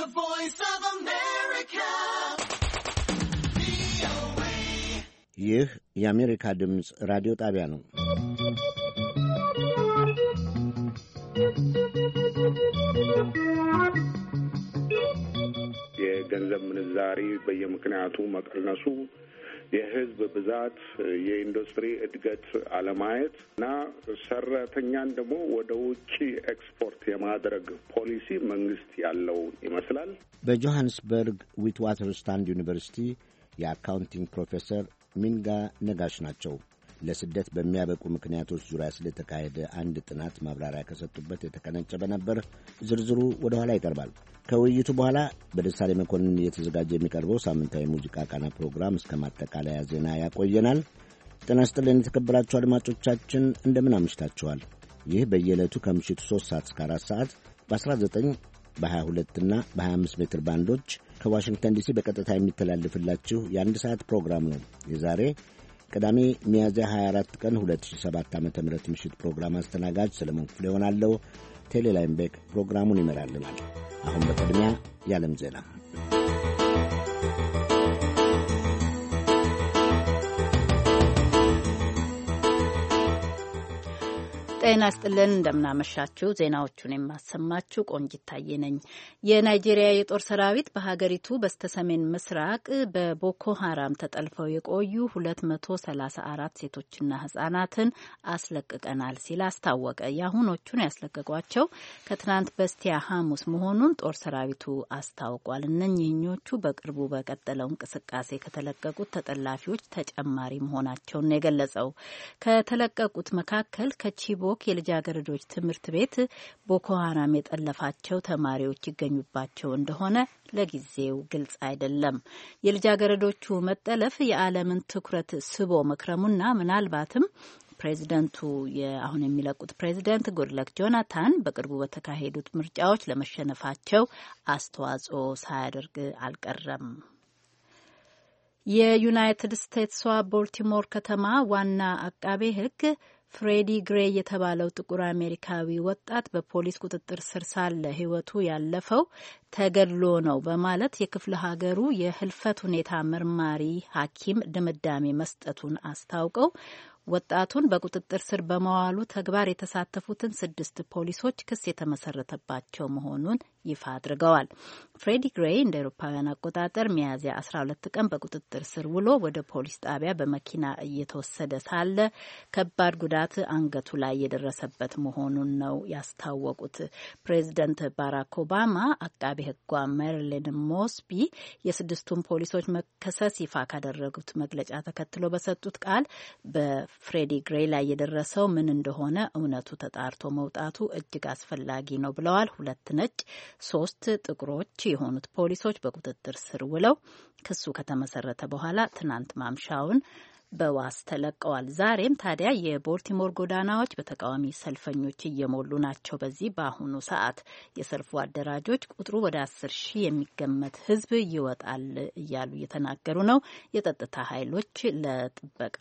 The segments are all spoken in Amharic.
The Voice of America. ይህ የአሜሪካ ድምፅ ራዲዮ ጣቢያ ነው። የገንዘብ ምንዛሪ በየምክንያቱ መቀነሱ የህዝብ ብዛት፣ የኢንዱስትሪ እድገት አለማየት እና ሰራተኛን ደግሞ ወደ ውጭ ኤክስፖርት የማድረግ ፖሊሲ መንግስት ያለው ይመስላል። በጆሃንስበርግ ዊት ዋተርስታንድ ዩኒቨርሲቲ የአካውንቲንግ ፕሮፌሰር ሚንጋ ነጋሽ ናቸው። ለስደት በሚያበቁ ምክንያቶች ዙሪያ ስለተካሄደ አንድ ጥናት ማብራሪያ ከሰጡበት የተቀነጨበ ነበር። ዝርዝሩ ወደ ኋላ ይቀርባል። ከውይይቱ በኋላ በደሳሌ መኮንን እየተዘጋጀ የሚቀርበው ሳምንታዊ ሙዚቃ ቃና ፕሮግራም እስከ ማጠቃለያ ዜና ያቆየናል። ጤና ይስጥልን የተከበራችሁ አድማጮቻችን እንደምን አምሽታችኋል? ይህ በየዕለቱ ከምሽቱ 3 ሰዓት እስከ 4 ሰዓት በ19 በ22 እና በ25 ሜትር ባንዶች ከዋሽንግተን ዲሲ በቀጥታ የሚተላልፍላችሁ የአንድ ሰዓት ፕሮግራም ነው። የዛሬ ቅዳሜ ሚያዝያ 24 ቀን 2007 ዓ ም ምሽት ፕሮግራም አስተናጋጅ ሰለሞን ክፍሌ ሆናለሁ። ቴሌላይምቤክ ፕሮግራሙን ይመራልናል። አሁን በቅድሚያ የዓለም ዜና ጤና ስጥልን እንደምናመሻችሁ። ዜናዎቹን የማሰማችሁ ቆንጂት ታዬ ነኝ። የናይጄሪያ የጦር ሰራዊት በሀገሪቱ በስተሰሜን ምስራቅ በቦኮ ሀራም ተጠልፈው የቆዩ 234 ሴቶችና ህጻናትን አስለቅቀናል ሲል አስታወቀ። የአሁኖቹን ያስለቀቋቸው ከትናንት በስቲያ ሐሙስ መሆኑን ጦር ሰራዊቱ አስታውቋል። እነኚህኞቹ በቅርቡ በቀጠለው እንቅስቃሴ ከተለቀቁት ተጠላፊዎች ተጨማሪ መሆናቸውን የገለጸው ከተለቀቁት መካከል ከቺቦ ኖክ የልጃገረዶች ትምህርት ቤት ቦኮ ሀራም የጠለፋቸው ተማሪዎች ይገኙባቸው እንደሆነ ለጊዜው ግልጽ አይደለም። የልጃገረዶቹ መጠለፍ የዓለምን ትኩረት ስቦ መክረሙና ምናልባትም ፕሬዚደንቱ አሁን የሚለቁት ፕሬዚደንት ጉድለክ ጆናታን በቅርቡ በተካሄዱት ምርጫዎች ለመሸነፋቸው አስተዋጽኦ ሳያደርግ አልቀረም። የዩናይትድ ስቴትስዋ ቦልቲሞር ከተማ ዋና አቃቤ ሕግ ፍሬዲ ግሬ የተባለው ጥቁር አሜሪካዊ ወጣት በፖሊስ ቁጥጥር ስር ሳለ ሕይወቱ ያለፈው ተገድሎ ነው በማለት የክፍለ ሀገሩ የህልፈት ሁኔታ መርማሪ ሐኪም ድምዳሜ መስጠቱን አስታውቀው ወጣቱን በቁጥጥር ስር በመዋሉ ተግባር የተሳተፉትን ስድስት ፖሊሶች ክስ የተመሰረተባቸው መሆኑን ይፋ አድርገዋል። ፍሬዲ ግሬይ እንደ ኤሮፓውያን አቆጣጠር ሚያዝያ 12 ቀን በቁጥጥር ስር ውሎ ወደ ፖሊስ ጣቢያ በመኪና እየተወሰደ ሳለ ከባድ ጉዳት አንገቱ ላይ የደረሰበት መሆኑን ነው ያስታወቁት። ፕሬዚደንት ባራክ ኦባማ አቃቢ አቃቤ ሕጓ ሜርሊን ሞስቢ የስድስቱን ፖሊሶች መከሰስ ይፋ ካደረጉት መግለጫ ተከትሎ በሰጡት ቃል በፍሬዲ ግሬ ላይ የደረሰው ምን እንደሆነ እውነቱ ተጣርቶ መውጣቱ እጅግ አስፈላጊ ነው ብለዋል። ሁለት ነጭ፣ ሶስት ጥቁሮች የሆኑት ፖሊሶች በቁጥጥር ስር ውለው ክሱ ከተመሰረተ በኋላ ትናንት ማምሻውን በዋስ ተለቀዋል። ዛሬም ታዲያ የቦልቲሞር ጎዳናዎች በተቃዋሚ ሰልፈኞች እየሞሉ ናቸው። በዚህ በአሁኑ ሰዓት የሰልፉ አደራጆች ቁጥሩ ወደ አስር ሺህ የሚገመት ህዝብ ይወጣል እያሉ እየተናገሩ ነው። የጸጥታ ኃይሎች ለጥበቃ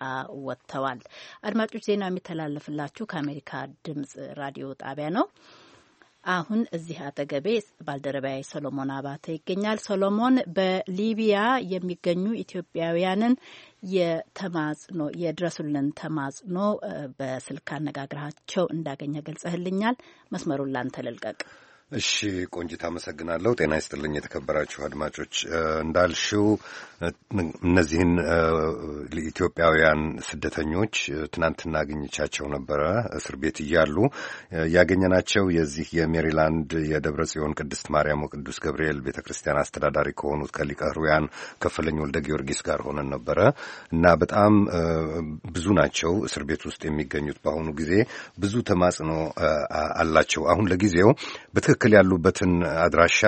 ወጥተዋል። አድማጮች ዜናው የሚተላለፍላችሁ ከአሜሪካ ድምጽ ራዲዮ ጣቢያ ነው። አሁን እዚህ አጠገቤ ባልደረባዬ ሰሎሞን አባተ ይገኛል። ሰሎሞን በሊቢያ የሚገኙ ኢትዮጵያውያንን የተማጽኖ የድረሱልን ተማጽኖ በስልክ አነጋግራቸው እንዳገኘ ገልጸህልኛል። መስመሩን ላንተ ልልቀቅ። እሺ ቆንጂት፣ አመሰግናለሁ። ጤና ይስጥልኝ የተከበራችሁ አድማጮች። እንዳልሽው እነዚህን ኢትዮጵያውያን ስደተኞች ትናንት እናገኝቻቸው ነበረ እስር ቤት እያሉ ያገኘናቸው የዚህ የሜሪላንድ የደብረ ጽዮን ቅድስት ማርያም ወቅዱስ ገብርኤል ቤተ ክርስቲያን አስተዳዳሪ ከሆኑት ከሊቀሩያን ከፈለኝ ወልደ ጊዮርጊስ ጋር ሆነን ነበረ እና በጣም ብዙ ናቸው እስር ቤት ውስጥ የሚገኙት በአሁኑ ጊዜ ብዙ ተማጽኖ አላቸው። አሁን ለጊዜው በትክክል ያሉበትን አድራሻ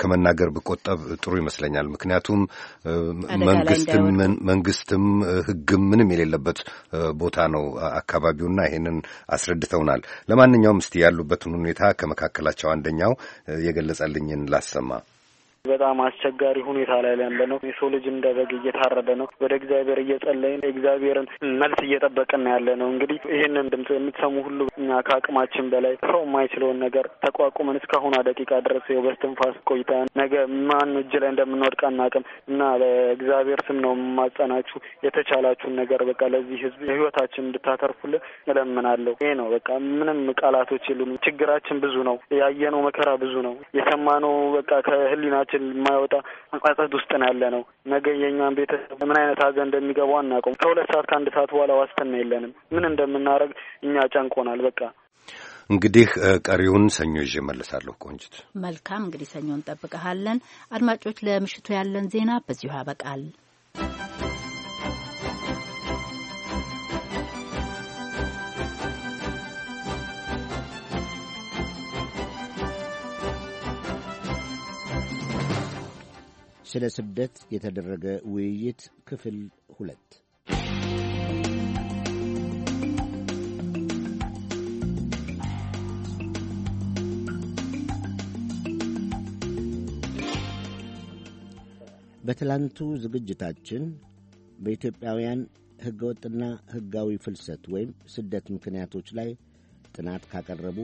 ከመናገር ብቆጠብ ጥሩ ይመስለኛል። ምክንያቱም መንግስትም መንግስትም ምንም የሌለበት ቦታ ነው አካባቢውና ይሄንን አስረድተውናል። ለማንኛውም እስቲ ያሉበትን ሁኔታ ከመካከላቸው አንደኛው የገለጸልኝን ላሰማ። በጣም አስቸጋሪ ሁኔታ ላይ ያለ ነው። የሰው ልጅ እንደ በግ እየታረደ ነው። ወደ እግዚአብሔር እየጸለይን እግዚአብሔርን መልስ እየጠበቅን ያለ ነው። እንግዲህ ይህንን ድምጽ የምትሰሙ ሁሉ እኛ ከአቅማችን በላይ ሰው የማይችለውን ነገር ተቋቁመን እስካሁኗ ደቂቃ ድረስ የው በስትንፋስ ቆይተን ነገ ማን እጅ ላይ እንደምንወድቅ አናውቅም እና በእግዚአብሔር ስም ነው የማጸናችሁ። የተቻላችሁን ነገር በቃ ለዚህ ህዝብ ህይወታችን እንድታተርፉልን እለምናለሁ። ይሄ ነው በቃ ምንም ቃላቶች የሉንም። ችግራችን ብዙ ነው። ያየነው መከራ ብዙ ነው። የሰማነው በቃ ከህሊናችን ከቤታችን የማይወጣ አንቋጸት ውስጥ ነው ያለ ነው። ነገ የእኛን ቤተሰብ ምን አይነት ሀዘን እንደሚገባው አናውቅም። ከሁለት ሰዓት ከአንድ ሰዓት በኋላ ዋስትና የለንም። ምን እንደምናደርግ እኛ ጨንቆናል። በቃ እንግዲህ ቀሪውን ሰኞ ይዤ እመለሳለሁ። ቆንጅት፣ መልካም እንግዲህ ሰኞ እንጠብቀሃለን። አድማጮች፣ ለምሽቱ ያለን ዜና በዚሁ ያበቃል። ስለ ስደት የተደረገ ውይይት ክፍል ሁለት በትላንቱ ዝግጅታችን በኢትዮጵያውያን ሕገወጥና ሕጋዊ ፍልሰት ወይም ስደት ምክንያቶች ላይ ጥናት ካቀረቡ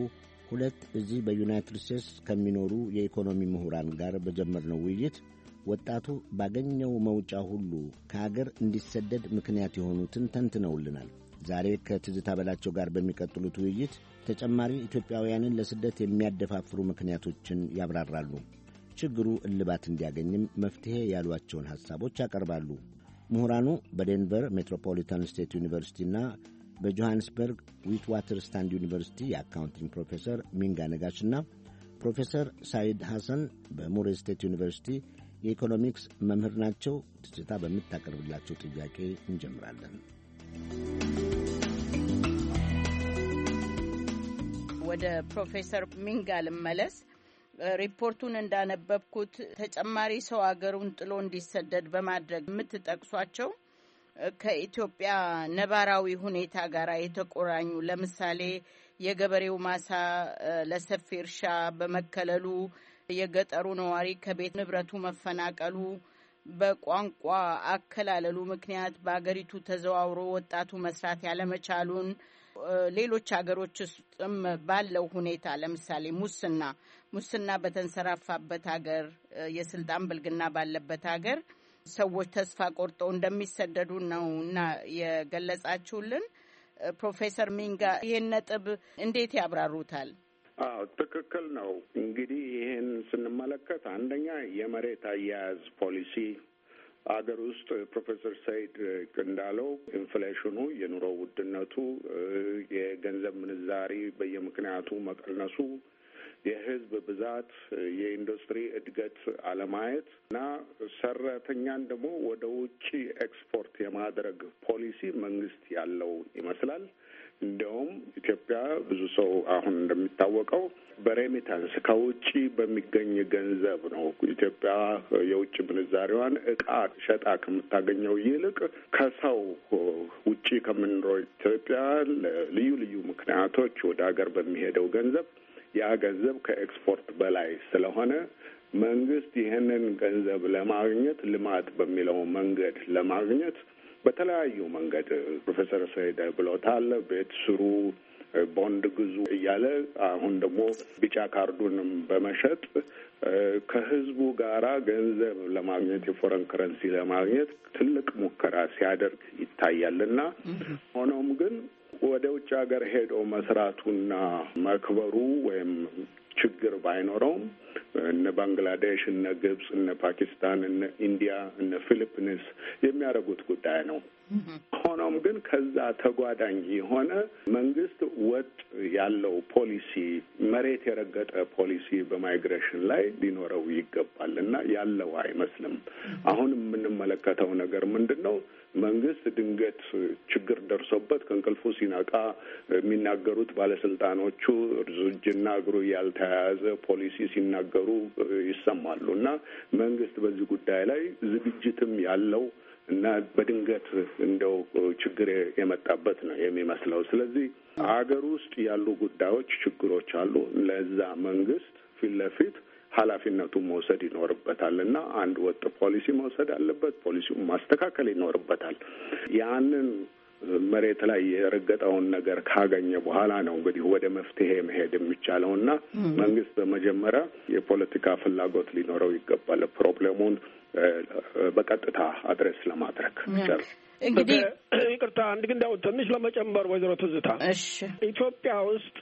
ሁለት እዚህ በዩናይትድ ስቴትስ ከሚኖሩ የኢኮኖሚ ምሁራን ጋር በጀመርነው ውይይት ወጣቱ ባገኘው መውጫ ሁሉ ከአገር እንዲሰደድ ምክንያት የሆኑትን ተንትነውልናል። ዛሬ ከትዝታ በላቸው ጋር በሚቀጥሉት ውይይት ተጨማሪ ኢትዮጵያውያንን ለስደት የሚያደፋፍሩ ምክንያቶችን ያብራራሉ። ችግሩ እልባት እንዲያገኝም መፍትሔ ያሏቸውን ሐሳቦች ያቀርባሉ። ምሁራኑ በዴንቨር ሜትሮፖሊታን ስቴት ዩኒቨርሲቲና በጆሐንስበርግ ዊትዋተር ስታንድ ዩኒቨርሲቲ የአካውንቲንግ ፕሮፌሰር ሚንጋ ነጋሽና ፕሮፌሰር ሳይድ ሐሰን በሙሬ ስቴት ዩኒቨርሲቲ የኢኮኖሚክስ መምህር ናቸው። ትችታ በምታቀርብላቸው ጥያቄ እንጀምራለን። ወደ ፕሮፌሰር ሚንጋ ልመለስ። ሪፖርቱን እንዳነበብኩት ተጨማሪ ሰው አገሩን ጥሎ እንዲሰደድ በማድረግ የምትጠቅሷቸው ከኢትዮጵያ ነባራዊ ሁኔታ ጋር የተቆራኙ ለምሳሌ የገበሬው ማሳ ለሰፊ እርሻ በመከለሉ የገጠሩ ነዋሪ ከቤት ንብረቱ መፈናቀሉ በቋንቋ አከላለሉ ምክንያት በአገሪቱ ተዘዋውሮ ወጣቱ መስራት ያለመቻሉን ሌሎች ሀገሮች ውስጥም ባለው ሁኔታ ለምሳሌ ሙስና ሙስና በተንሰራፋበት ሀገር የስልጣን ብልግና ባለበት ሀገር ሰዎች ተስፋ ቆርጠው እንደሚሰደዱ ነው እና የገለጻችሁልን ፕሮፌሰር ሚንጋ ይህን ነጥብ እንዴት ያብራሩታል? አዎ ትክክል ነው። እንግዲህ ይህን ስንመለከት አንደኛ የመሬት አያያዝ ፖሊሲ አገር ውስጥ ፕሮፌሰር ሰይድ እንዳለው ኢንፍሌሽኑ፣ የኑሮ ውድነቱ፣ የገንዘብ ምንዛሪ በየምክንያቱ መቀነሱ፣ የህዝብ ብዛት፣ የኢንዱስትሪ እድገት አለማየት እና ሰራተኛን ደግሞ ወደ ውጭ ኤክስፖርት የማድረግ ፖሊሲ መንግስት ያለው ይመስላል። እንዲያውም ኢትዮጵያ ብዙ ሰው አሁን እንደሚታወቀው በሬሚታንስ ከውጭ በሚገኝ ገንዘብ ነው ኢትዮጵያ የውጭ ምንዛሪዋን እቃ ሸጣ ከምታገኘው ይልቅ ከሰው ውጭ ከምንኖረው ኢትዮጵያ ልዩ ልዩ ምክንያቶች ወደ ሀገር በሚሄደው ገንዘብ ያ ገንዘብ ከኤክስፖርት በላይ ስለሆነ መንግስት ይህንን ገንዘብ ለማግኘት ልማት በሚለው መንገድ ለማግኘት በተለያዩ መንገድ ፕሮፌሰር ሰይደ ብሎታል። ቤት ስሩ፣ ቦንድ ግዙ እያለ አሁን ደግሞ ቢጫ ካርዱንም በመሸጥ ከህዝቡ ጋራ ገንዘብ ለማግኘት የፎረን ከረንሲ ለማግኘት ትልቅ ሙከራ ሲያደርግ ይታያልና ሆኖም ግን ወደ ውጭ ሀገር ሄዶ መስራቱና መክበሩ ወይም ችግር ባይኖረውም እነ ባንግላዴሽ፣ እነ ግብጽ፣ እነ ፓኪስታን፣ እነ ኢንዲያ፣ እነ ፊሊፒንስ የሚያደርጉት ጉዳይ ነው። ሆኖም ግን ከዛ ተጓዳኝ የሆነ መንግስት ወጥ ያለው ፖሊሲ መሬት የረገጠ ፖሊሲ በማይግሬሽን ላይ ሊኖረው ይገባል እና ያለው አይመስልም። አሁን የምንመለከተው ነገር ምንድን ነው? መንግስት ድንገት ችግር ደርሶበት ከእንቅልፉ ሲነቃ የሚናገሩት ባለስልጣኖቹ እጅና እግሩ ያልተያያዘ ፖሊሲ ሲናገሩ ይሰማሉ እና መንግስት በዚህ ጉዳይ ላይ ዝግጅትም ያለው እና በድንገት እንደው ችግር የመጣበት ነው የሚመስለው። ስለዚህ ሀገር ውስጥ ያሉ ጉዳዮች፣ ችግሮች አሉ። ለዛ መንግስት ፊት ለፊት ኃላፊነቱን መውሰድ ይኖርበታል እና አንድ ወጥ ፖሊሲ መውሰድ አለበት። ፖሊሲውን ማስተካከል ይኖርበታል። ያንን መሬት ላይ የረገጠውን ነገር ካገኘ በኋላ ነው እንግዲህ ወደ መፍትሄ መሄድ የሚቻለው እና መንግስት በመጀመሪያ የፖለቲካ ፍላጎት ሊኖረው ይገባል ፕሮብሌሙን በቀጥታ አድሬስ ለማድረግ እንግዲህ ይቅርታ አንድ ግን እንዲያው ትንሽ ለመጨመር ወይዘሮ ትዝታ ኢትዮጵያ ውስጥ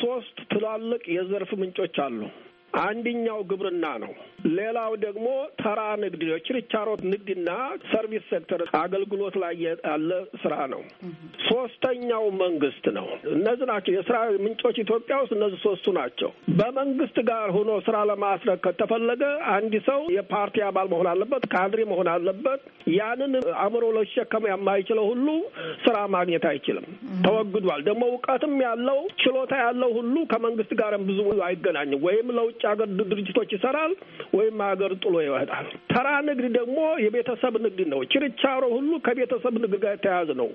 ሶስት ትላልቅ የዘርፍ ምንጮች አሉ አንድኛው ግብርና ነው። ሌላው ደግሞ ተራ ንግድ የችርቻሮ ንግድና ሰርቪስ ሴክተር አገልግሎት ላይ ያለ ስራ ነው። ሶስተኛው መንግስት ነው። እነዚህ ናቸው የስራ ምንጮች ኢትዮጵያ ውስጥ እነዚህ ሶስቱ ናቸው። በመንግስት ጋር ሆኖ ስራ ለማስረግ ከተፈለገ አንድ ሰው የፓርቲ አባል መሆን አለበት፣ ካድሬ መሆን አለበት። ያንን አእምሮ ለሸከም የማይችለው ሁሉ ስራ ማግኘት አይችልም፣ ተወግዷል። ደግሞ እውቀትም ያለው ችሎታ ያለው ሁሉ ከመንግስት ጋርም ብዙ አይገናኝም ወይም ለውጭ ሀገር ድርጅቶች ይሰራል ወይም ሀገር ጥሎ ይወጣል። ተራ ንግድ ደግሞ የቤተሰብ ንግድ ነው። ችርቻሮ ሁሉ ከቤተሰብ ንግድ ጋር የተያያዘ ነው።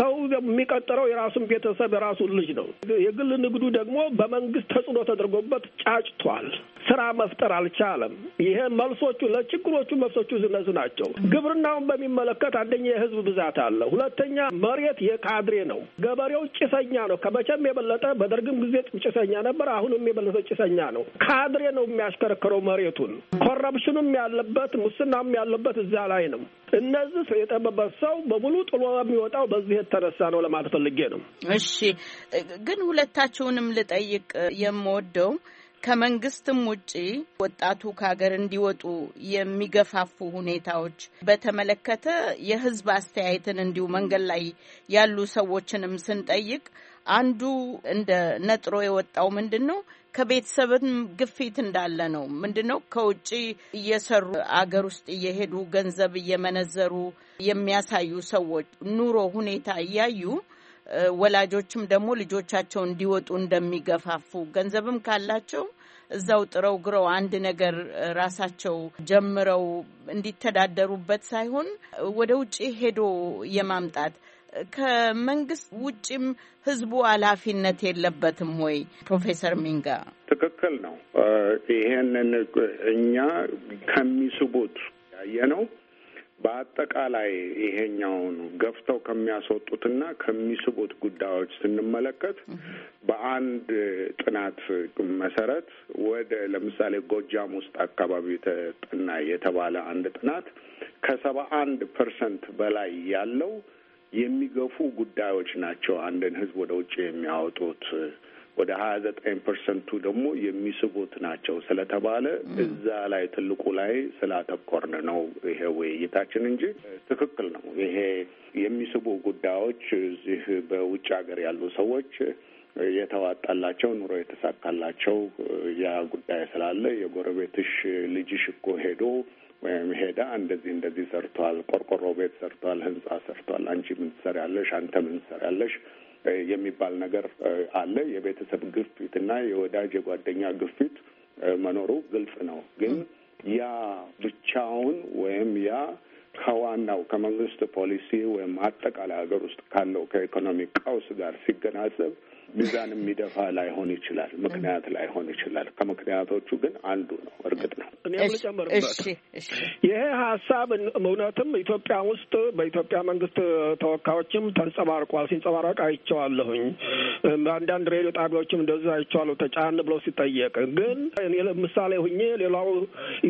ሰው የሚቀጥረው የራሱን ቤተሰብ የራሱን ልጅ ነው። የግል ንግዱ ደግሞ በመንግስት ተጽዕኖ ተደርጎበት ጫጭቷል። ስራ መፍጠር አልቻለም። ይሄ መልሶቹ ለችግሮቹ መልሶቹ እነዚህ ናቸው። ግብርናውን በሚመለከት አንደኛ የህዝብ ብዛት አለ፣ ሁለተኛ መሬት የካድሬ ነው። ገበሬው ጭሰኛ ነው። ከመቼም የበለጠ በደርግም ጊዜ ጭሰኛ ነበር፣ አሁንም የበለጠ ጭሰኛ ነው። ካድሬ ነው የሚያሽከረክረው መሬቱን። ኮረፕሽኑም ያለበት ሙስናም ያለበት እዛ ላይ ነው። እነዚህ የጠበበት ሰው በሙሉ ጥሎ የሚወጣው በዚህ የተነሳ ነው ለማለት ፈልጌ ነው። እሺ፣ ግን ሁለታችሁንም ልጠይቅ የምወደው ከመንግስትም ውጪ ወጣቱ ከሀገር እንዲወጡ የሚገፋፉ ሁኔታዎች በተመለከተ የህዝብ አስተያየትን እንዲሁ መንገድ ላይ ያሉ ሰዎችንም ስንጠይቅ አንዱ እንደ ነጥሮ የወጣው ምንድን ነው ከቤተሰብም ግፊት እንዳለ ነው። ምንድን ነው ከውጭ እየሰሩ አገር ውስጥ እየሄዱ ገንዘብ እየመነዘሩ የሚያሳዩ ሰዎች ኑሮ ሁኔታ እያዩ ወላጆችም ደግሞ ልጆቻቸው እንዲወጡ እንደሚገፋፉ ገንዘብም ካላቸው እዛው ጥረው ግረው አንድ ነገር ራሳቸው ጀምረው እንዲተዳደሩበት ሳይሆን ወደ ውጭ ሄዶ የማምጣት ከመንግስት ውጭም ህዝቡ ኃላፊነት የለበትም ወይ? ፕሮፌሰር ሚንጋ ትክክል ነው። ይሄንን እኛ ከሚስቡት ያየ ነው በአጠቃላይ ይሄኛውን ገፍተው ከሚያስወጡትና ከሚስቡት ጉዳዮች ስንመለከት በአንድ ጥናት መሰረት ወደ ለምሳሌ ጎጃም ውስጥ አካባቢ ጥና የተባለ አንድ ጥናት ከሰባ አንድ ፐርሰንት በላይ ያለው የሚገፉ ጉዳዮች ናቸው አንድን ህዝብ ወደ ውጭ የሚያወጡት ወደ ሀያ ዘጠኝ ፐርሰንቱ ደግሞ የሚስቡት ናቸው ስለተባለ እዛ ላይ ትልቁ ላይ ስላተኮርን ነው ይሄ ውይይታችን እንጂ ትክክል ነው። ይሄ የሚስቡ ጉዳዮች እዚህ በውጭ ሀገር ያሉ ሰዎች የተዋጣላቸው ኑሮ የተሳካላቸው ያ ጉዳይ ስላለ የጎረቤትሽ ልጅሽ እኮ ሄዶ ወይም ሄዳ እንደዚህ እንደዚህ ሰርቷል፣ ቆርቆሮ ቤት ሰርቷል፣ ህንጻ ሰርቷል፣ አንቺ ምን ትሰሪያለሽ? አንተ ምን ትሰሪያለሽ? የሚባል ነገር አለ። የቤተሰብ ግፊት እና የወዳጅ የጓደኛ ግፊት መኖሩ ግልጽ ነው። ግን ያ ብቻውን ወይም ያ ከዋናው ከመንግስት ፖሊሲ ወይም አጠቃላይ ሀገር ውስጥ ካለው ከኢኮኖሚ ቀውስ ጋር ሲገናዘብ ሚዛን የሚደፋ ላይሆን ይችላል፣ ምክንያት ላይሆን ይችላል። ከምክንያቶቹ ግን አንዱ ነው። እርግጥ ነው ይሄ ሀሳብ እውነትም ኢትዮጵያ ውስጥ በኢትዮጵያ መንግስት ተወካዮችም ተንጸባርቋል። ሲንጸባረቅ አይቼዋለሁኝ። በአንዳንድ ሬዲዮ ጣቢያዎችም እንደዚህ አይቼዋለሁ። ተጫን ብሎ ሲጠየቅ ግን ምሳሌ ሁኜ ሌላው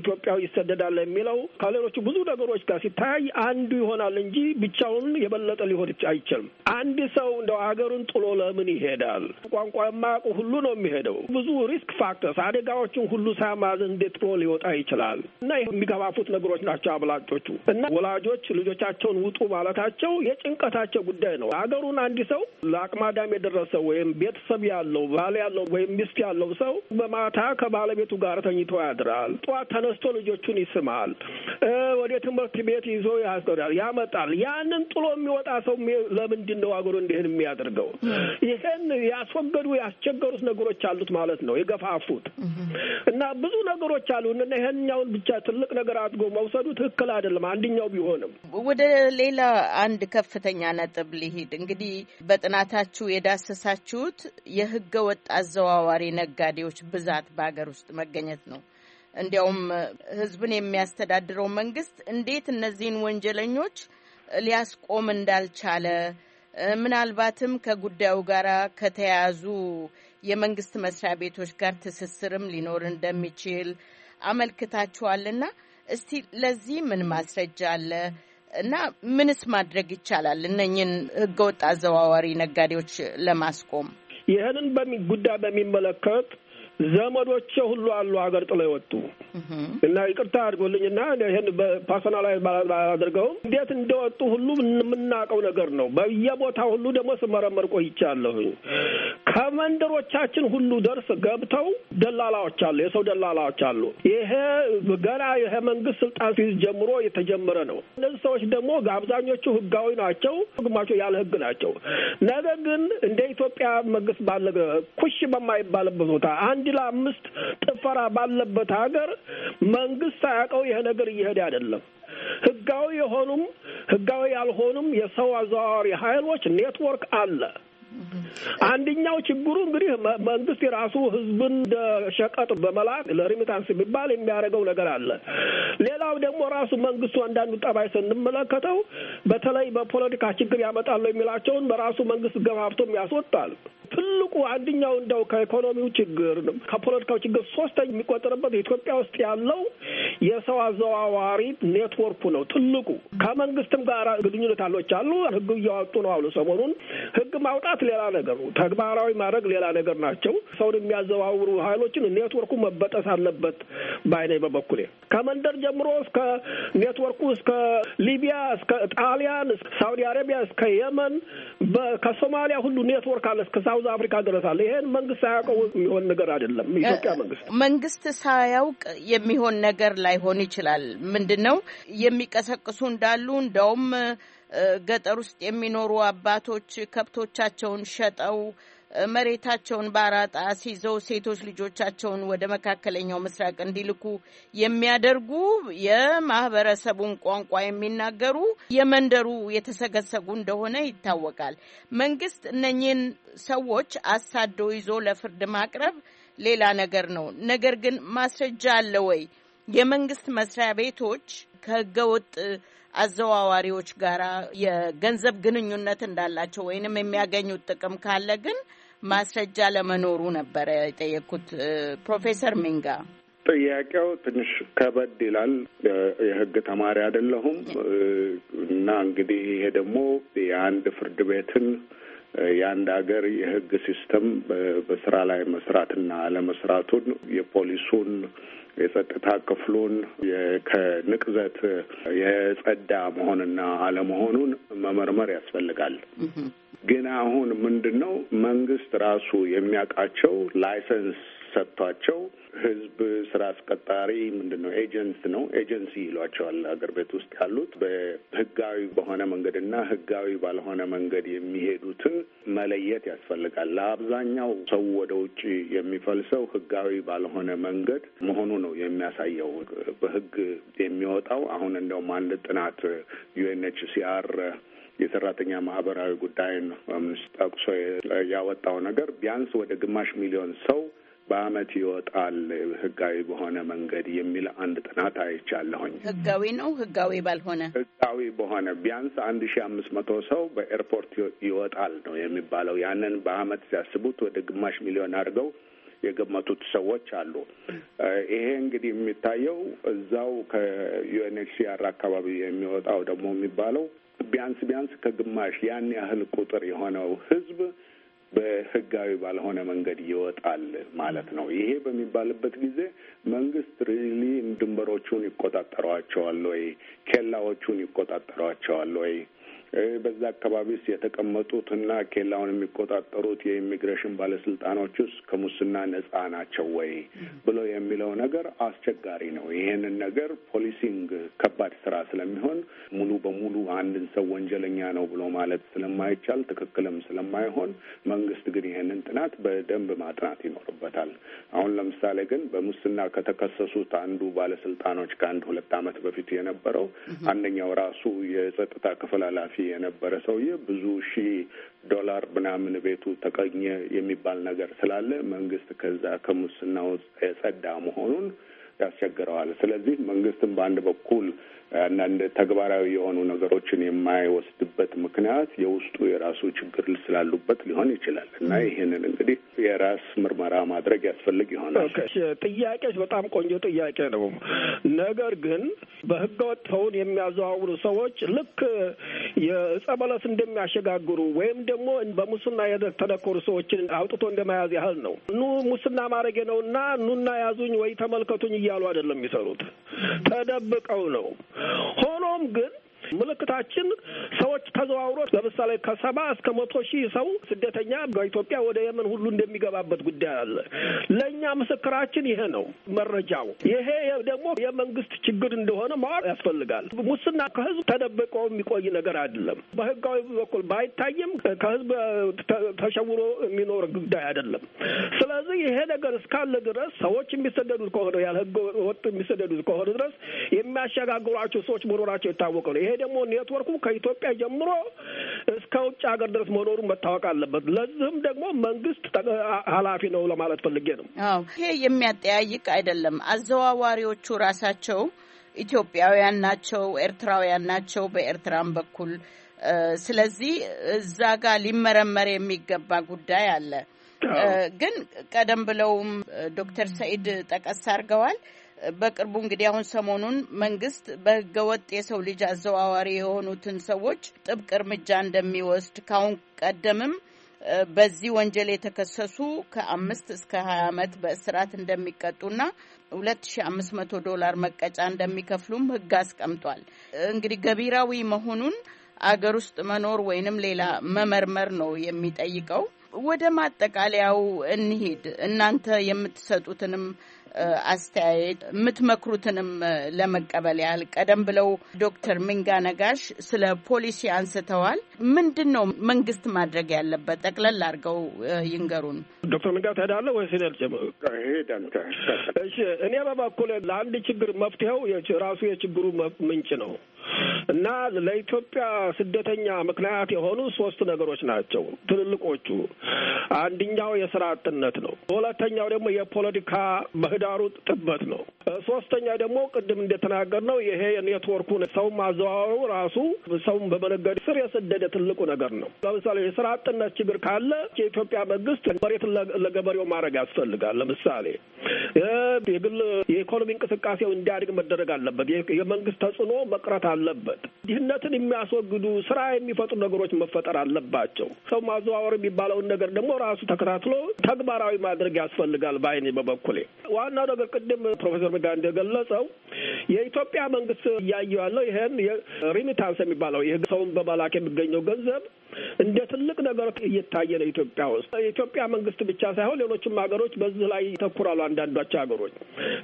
ኢትዮጵያዊ ይሰደዳል የሚለው ከሌሎቹ ብዙ ነገሮች ጋር ሲታይ አንዱ ይሆናል እንጂ ብቻውን የበለጠ ሊሆን አይችልም። አንድ ሰው እንደው ሀገሩን ጥሎ ለምን ይሄዳል? ይሄዳል። ቋንቋ የማያውቁ ሁሉ ነው የሚሄደው። ብዙ ሪስክ ፋክተርስ አደጋዎችን ሁሉ ሳማዝ እንዴት ብሎ ሊወጣ ይችላል? እና የሚገፋፉት ነገሮች ናቸው አብላጮቹ። እና ወላጆች ልጆቻቸውን ውጡ ማለታቸው የጭንቀታቸው ጉዳይ ነው። አገሩን አንድ ሰው ለአቅማዳም አዳም የደረሰው ወይም ቤተሰብ ያለው ባል ያለው ወይም ሚስት ያለው ሰው በማታ ከባለቤቱ ጋር ተኝቶ ያድራል። ጠዋት ተነስቶ ልጆቹን ይስማል፣ ወደ ትምህርት ቤት ይዞ ያስገዳል፣ ያመጣል። ያንን ጥሎ የሚወጣ ሰው ለምንድን ነው አገሩ እንዲህን የሚያደርገው? ይሄን ያስወገዱ ያስቸገሩት ነገሮች አሉት ማለት ነው። የገፋፉት እና ብዙ ነገሮች አሉ እና ይህኛውን ብቻ ትልቅ ነገር አድርጎ መውሰዱ ትክክል አይደለም። አንድኛው ቢሆንም ወደ ሌላ አንድ ከፍተኛ ነጥብ ሊሄድ እንግዲህ በጥናታችሁ የዳሰሳችሁት የህገ ወጥ አዘዋዋሪ ነጋዴዎች ብዛት በሀገር ውስጥ መገኘት ነው። እንዲያውም ህዝብን የሚያስተዳድረው መንግስት እንዴት እነዚህን ወንጀለኞች ሊያስቆም እንዳልቻለ ምናልባትም ከጉዳዩ ጋር ከተያያዙ የመንግስት መስሪያ ቤቶች ጋር ትስስርም ሊኖር እንደሚችል አመልክታችኋልና እስቲ ለዚህ ምን ማስረጃ አለ እና ምንስ ማድረግ ይቻላል እነኝን ህገወጥ አዘዋዋሪ ነጋዴዎች ለማስቆም? ይህንን ጉዳይ በሚመለከት ዘመዶቼ ሁሉ አሉ ሀገር ጥለው የወጡ እና ይቅርታ አድርጎልኝ እና ይህን ላይ ባላደርገውም እንዴት እንደወጡ ሁሉ የምናውቀው ነገር ነው። በየቦታ ሁሉ ደግሞ ስመረመር ቆይቻለሁኝ። ከመንደሮቻችን ሁሉ ደርስ ገብተው ደላላዎች አሉ፣ የሰው ደላላዎች አሉ። ይሄ ገና ይሄ መንግስት ስልጣን ሲይዝ ጀምሮ የተጀመረ ነው። እነዚህ ሰዎች ደግሞ አብዛኞቹ ህጋዊ ናቸው፣ ግማቸው ያለ ህግ ናቸው። ነገር ግን እንደ ኢትዮጵያ መንግስት ባለ ኩሽ በማይባልበት ቦታ አንድ ወንጀል አምስት ጥፈራ ባለበት ሀገር መንግስት ሳያውቀው ይሄ ነገር እየሄደ አይደለም። ህጋዊ የሆኑም ህጋዊ ያልሆኑም የሰው አዘዋዋሪ ኃይሎች ኔትወርክ አለ። አንደኛው ችግሩ እንግዲህ መንግስት የራሱ ህዝብን እንደ ሸቀጥ በመላክ ለሪሚታንስ የሚባል የሚያደርገው ነገር አለ። ሌላው ደግሞ ራሱ መንግስቱ አንዳንዱ ጠባይ ስንመለከተው በተለይ በፖለቲካ ችግር ያመጣሉ የሚላቸውን በራሱ መንግስት ገፋፍቶም ያስወጣል። ትልቁ አንደኛው እንደው ከኢኮኖሚው ችግር ከፖለቲካው ችግር ሶስተኛ የሚቆጠርበት ኢትዮጵያ ውስጥ ያለው የሰው አዘዋዋሪ ኔትወርኩ ነው። ትልቁ ከመንግስትም ጋር ግንኙነት አሎች አሉ። ህግ እያወጡ ነው አሉ። ሰሞኑን ህግ ማውጣት መስራት ሌላ ነገር ነው። ተግባራዊ ማድረግ ሌላ ነገር ናቸው። ሰውን የሚያዘዋውሩ ኃይሎችን ኔትወርኩ መበጠስ አለበት ባይነኝ በበኩሌ ከመንደር ጀምሮ እስከ ኔትወርኩ እስከ ሊቢያ፣ እስከ ጣሊያን፣ ሳውዲ አረቢያ፣ እስከ የመን ከሶማሊያ ሁሉ ኔትወርክ አለ። እስከ ሳውዝ አፍሪካ ድረስ አለ። ይሄን መንግስት ሳያውቀው የሚሆን ነገር አይደለም። ኢትዮጵያ መንግስት መንግስት ሳያውቅ የሚሆን ነገር ላይሆን ይችላል። ምንድን ነው የሚቀሰቅሱ እንዳሉ እንደውም ገጠር ውስጥ የሚኖሩ አባቶች ከብቶቻቸው ቤታቸውን ሸጠው መሬታቸውን በአራጣ አስይዘው ሴቶች ልጆቻቸውን ወደ መካከለኛው ምስራቅ እንዲልኩ የሚያደርጉ የማህበረሰቡን ቋንቋ የሚናገሩ የመንደሩ የተሰገሰጉ እንደሆነ ይታወቃል። መንግስት እነኚህን ሰዎች አሳዶ ይዞ ለፍርድ ማቅረብ ሌላ ነገር ነው። ነገር ግን ማስረጃ አለ ወይ? የመንግስት መስሪያ ቤቶች ከህገወጥ አዘዋዋሪዎች ጋር የገንዘብ ግንኙነት እንዳላቸው ወይንም የሚያገኙት ጥቅም ካለ ግን ማስረጃ ለመኖሩ ነበረ የጠየኩት። ፕሮፌሰር ሚንጋ ጥያቄው ትንሽ ከበድ ይላል። የህግ ተማሪ አይደለሁም እና እንግዲህ ይሄ ደግሞ የአንድ ፍርድ ቤትን የአንድ ሀገር የህግ ሲስተም በስራ ላይ መስራትና አለመስራቱን የፖሊሱን የጸጥታ ክፍሉን ከንቅዘት የጸዳ መሆንና አለመሆኑን መመርመር ያስፈልጋል። ግን አሁን ምንድን ነው መንግስት ራሱ የሚያውቃቸው ላይሰንስ ሰጥቷቸው ህዝብ ስራ አስቀጣሪ ምንድን ነው ኤጀንስ ነው ኤጀንሲ ይሏቸዋል። አገር ቤት ውስጥ ያሉት በህጋዊ በሆነ መንገድና ህጋዊ ባልሆነ መንገድ የሚሄዱትን መለየት ያስፈልጋል። ለአብዛኛው ሰው ወደ ውጭ የሚፈልሰው ህጋዊ ባልሆነ መንገድ መሆኑ ነው የሚያሳየው በህግ የሚወጣው። አሁን እንደውም አንድ ጥናት ዩኤንኤችሲአር የሰራተኛ ማህበራዊ ጉዳይን ጠቅሶ ያወጣው ነገር ቢያንስ ወደ ግማሽ ሚሊዮን ሰው በአመት ይወጣል ህጋዊ በሆነ መንገድ የሚል አንድ ጥናት አይቻለሁኝ። ህጋዊ ነው ህጋዊ ባልሆነ ህጋዊ በሆነ ቢያንስ አንድ ሺ አምስት መቶ ሰው በኤርፖርት ይወጣል ነው የሚባለው። ያንን በአመት ሲያስቡት ወደ ግማሽ ሚሊዮን አድርገው የገመቱት ሰዎች አሉ። ይሄ እንግዲህ የሚታየው እዛው ከዩኤንኤችሲአር አካባቢ የሚወጣው ደግሞ የሚባለው ቢያንስ ቢያንስ ከግማሽ ያን ያህል ቁጥር የሆነው ህዝብ በህጋዊ ባልሆነ መንገድ ይወጣል ማለት ነው። ይሄ በሚባልበት ጊዜ መንግስት ሪሊ ድንበሮቹን ይቆጣጠሯቸዋል ወይ? ኬላዎቹን ይቆጣጠሯቸዋል ወይ? በዛ አካባቢስ የተቀመጡት እና ኬላውን የሚቆጣጠሩት የኢሚግሬሽን ባለስልጣኖችስ ከሙስና ነጻ ናቸው ወይ ብሎ የሚለው ነገር አስቸጋሪ ነው። ይሄንን ነገር ፖሊሲንግ ከባድ ስራ ስለሚሆን ሙሉ በሙሉ አንድን ሰው ወንጀለኛ ነው ብሎ ማለት ስለማይቻል ትክክልም ስለማይሆን መንግስት ግን ይሄንን ጥናት በደንብ ማጥናት ይኖርበታል። አሁን ለምሳሌ ግን በሙስና ከተከሰሱት አንዱ ባለስልጣኖች ከአንድ ሁለት ዓመት በፊት የነበረው አንደኛው ራሱ የጸጥታ ክፍል ኃላፊ የነበረ ሰውዬ ብዙ ሺህ ዶላር ምናምን ቤቱ ተቀኘ የሚባል ነገር ስላለ መንግስት ከዛ ከሙስናው የጸዳ መሆኑን ያስቸግረዋል። ስለዚህ መንግስትም በአንድ በኩል አንዳንድ ተግባራዊ የሆኑ ነገሮችን የማይወስድበት ምክንያት የውስጡ የራሱ ችግር ስላሉበት ሊሆን ይችላል እና ይህንን እንግዲህ የራስ ምርመራ ማድረግ ያስፈልግ ይሆናል። ጥያቄዎች በጣም ቆንጆ ጥያቄ ነው። ነገር ግን በህገወጥ ሰውን የሚያዘዋውሩ ሰዎች ልክ የእጸ በለስ እንደሚያሸጋግሩ ወይም ደግሞ በሙስና የተነኮሩ ሰዎችን አውጥቶ እንደመያዝ ያህል ነው። ኑ ሙስና ማድረጌ ነው እና ኑና ያዙኝ ወይ ተመልከቱኝ እያሉ አይደለም የሚሰሩት፣ ተደብቀው ነው። ሆኖም ግን ምልክታችን ሰዎች ተዘዋውሮ ለምሳሌ ከሰባ እስከ መቶ ሺህ ሰው ስደተኛ በኢትዮጵያ ወደ የመን ሁሉ እንደሚገባበት ጉዳይ አለ። ለእኛ ምስክራችን ይሄ ነው መረጃው። ይሄ ደግሞ የመንግስት ችግር እንደሆነ ማወቅ ያስፈልጋል። ሙስና ከህዝብ ተደብቆ የሚቆይ ነገር አይደለም። በህጋዊ በኩል ባይታይም ከህዝብ ተሸውሮ የሚኖር ጉዳይ አይደለም። ስለዚህ ይሄ ነገር እስካለ ድረስ ሰዎች የሚሰደዱት ከሆነ ያለ ህገ ወጥ የሚሰደዱት ከሆነ ድረስ የሚያሸጋግሯቸው ሰዎች መኖራቸው የታወቀ ነው። ይሄ ደግሞ ኔትወርኩ ከኢትዮጵያ ጀምሮ እስከ ውጭ ሀገር ድረስ መኖሩን መታወቅ አለበት። ለዚህም ደግሞ መንግስት ኃላፊ ነው ለማለት ፈልጌ ነው። አዎ ይሄ የሚያጠያይቅ አይደለም። አዘዋዋሪዎቹ ራሳቸው ኢትዮጵያውያን ናቸው፣ ኤርትራውያን ናቸው በኤርትራም በኩል ስለዚህ እዛ ጋር ሊመረመር የሚገባ ጉዳይ አለ። ግን ቀደም ብለውም ዶክተር ሰኢድ ጠቀስ አድርገዋል። በቅርቡ እንግዲህ አሁን ሰሞኑን መንግስት በህገ ወጥ የሰው ልጅ አዘዋዋሪ የሆኑትን ሰዎች ጥብቅ እርምጃ እንደሚወስድ ካሁን ቀደምም በዚህ ወንጀል የተከሰሱ ከአምስት እስከ ሀያ ዓመት በእስራት እንደሚቀጡና ሁለት ሺ አምስት መቶ ዶላር መቀጫ እንደሚከፍሉም ህግ አስቀምጧል። እንግዲህ ገቢራዊ መሆኑን አገር ውስጥ መኖር ወይንም ሌላ መመርመር ነው የሚጠይቀው። ወደ ማጠቃለያው እንሂድ። እናንተ የምትሰጡትንም አስተያየት የምትመክሩትንም ለመቀበል ያህል ቀደም ብለው ዶክተር ሚንጋ ነጋሽ ስለ ፖሊሲ አንስተዋል። ምንድን ነው መንግስት ማድረግ ያለበት? ጠቅለል አድርገው ይንገሩን ዶክተር ሚንጋ። ትሄዳለህ ወይስ እኔ በበኩሌ ለአንድ ችግር መፍትሄው ራሱ የችግሩ ምንጭ ነው። እና ለኢትዮጵያ ስደተኛ ምክንያት የሆኑ ሶስት ነገሮች ናቸው ትልልቆቹ። አንድኛው የስራ አጥነት ነው። ሁለተኛው ደግሞ የፖለቲካ ምህዳሩ ጥበት ነው። ሶስተኛው ደግሞ ቅድም እንደተናገር ነው ይሄ ኔትወርኩ ሰው ማዘዋወሩ ራሱ ሰውን በመነገድ ስር የሰደደ ትልቁ ነገር ነው። ለምሳሌ የስራ አጥነት ችግር ካለ የኢትዮጵያ መንግስት መሬት ለገበሬው ማድረግ ያስፈልጋል። ለምሳሌ የግል የኢኮኖሚ እንቅስቃሴው እንዲያድግ መደረግ አለበት። የመንግስት ተጽዕኖ መቅረት አለበት። ድህነትን የሚያስወግዱ ስራ የሚፈጥሩ ነገሮች መፈጠር አለባቸው። ሰው ማዘዋወር የሚባለውን ነገር ደግሞ ራሱ ተከታትሎ ተግባራዊ ማድረግ ያስፈልጋል በአይኔ በበኩሌ። ዋናው ነገር ቅድም ፕሮፌሰር ሚጋ እንደገለጸው የኢትዮጵያ መንግስት እያየው ያለው ይህን ሪሚታንስ የሚባለው ይህ ሰውን በመላክ የሚገኘው ገንዘብ እንደ ትልቅ ነገር እየታየ ነው ኢትዮጵያ ውስጥ። የኢትዮጵያ መንግስት ብቻ ሳይሆን ሌሎችም ሀገሮች በዚህ ላይ ይተኩራሉ። አንዳንዷቸው ሀገሮች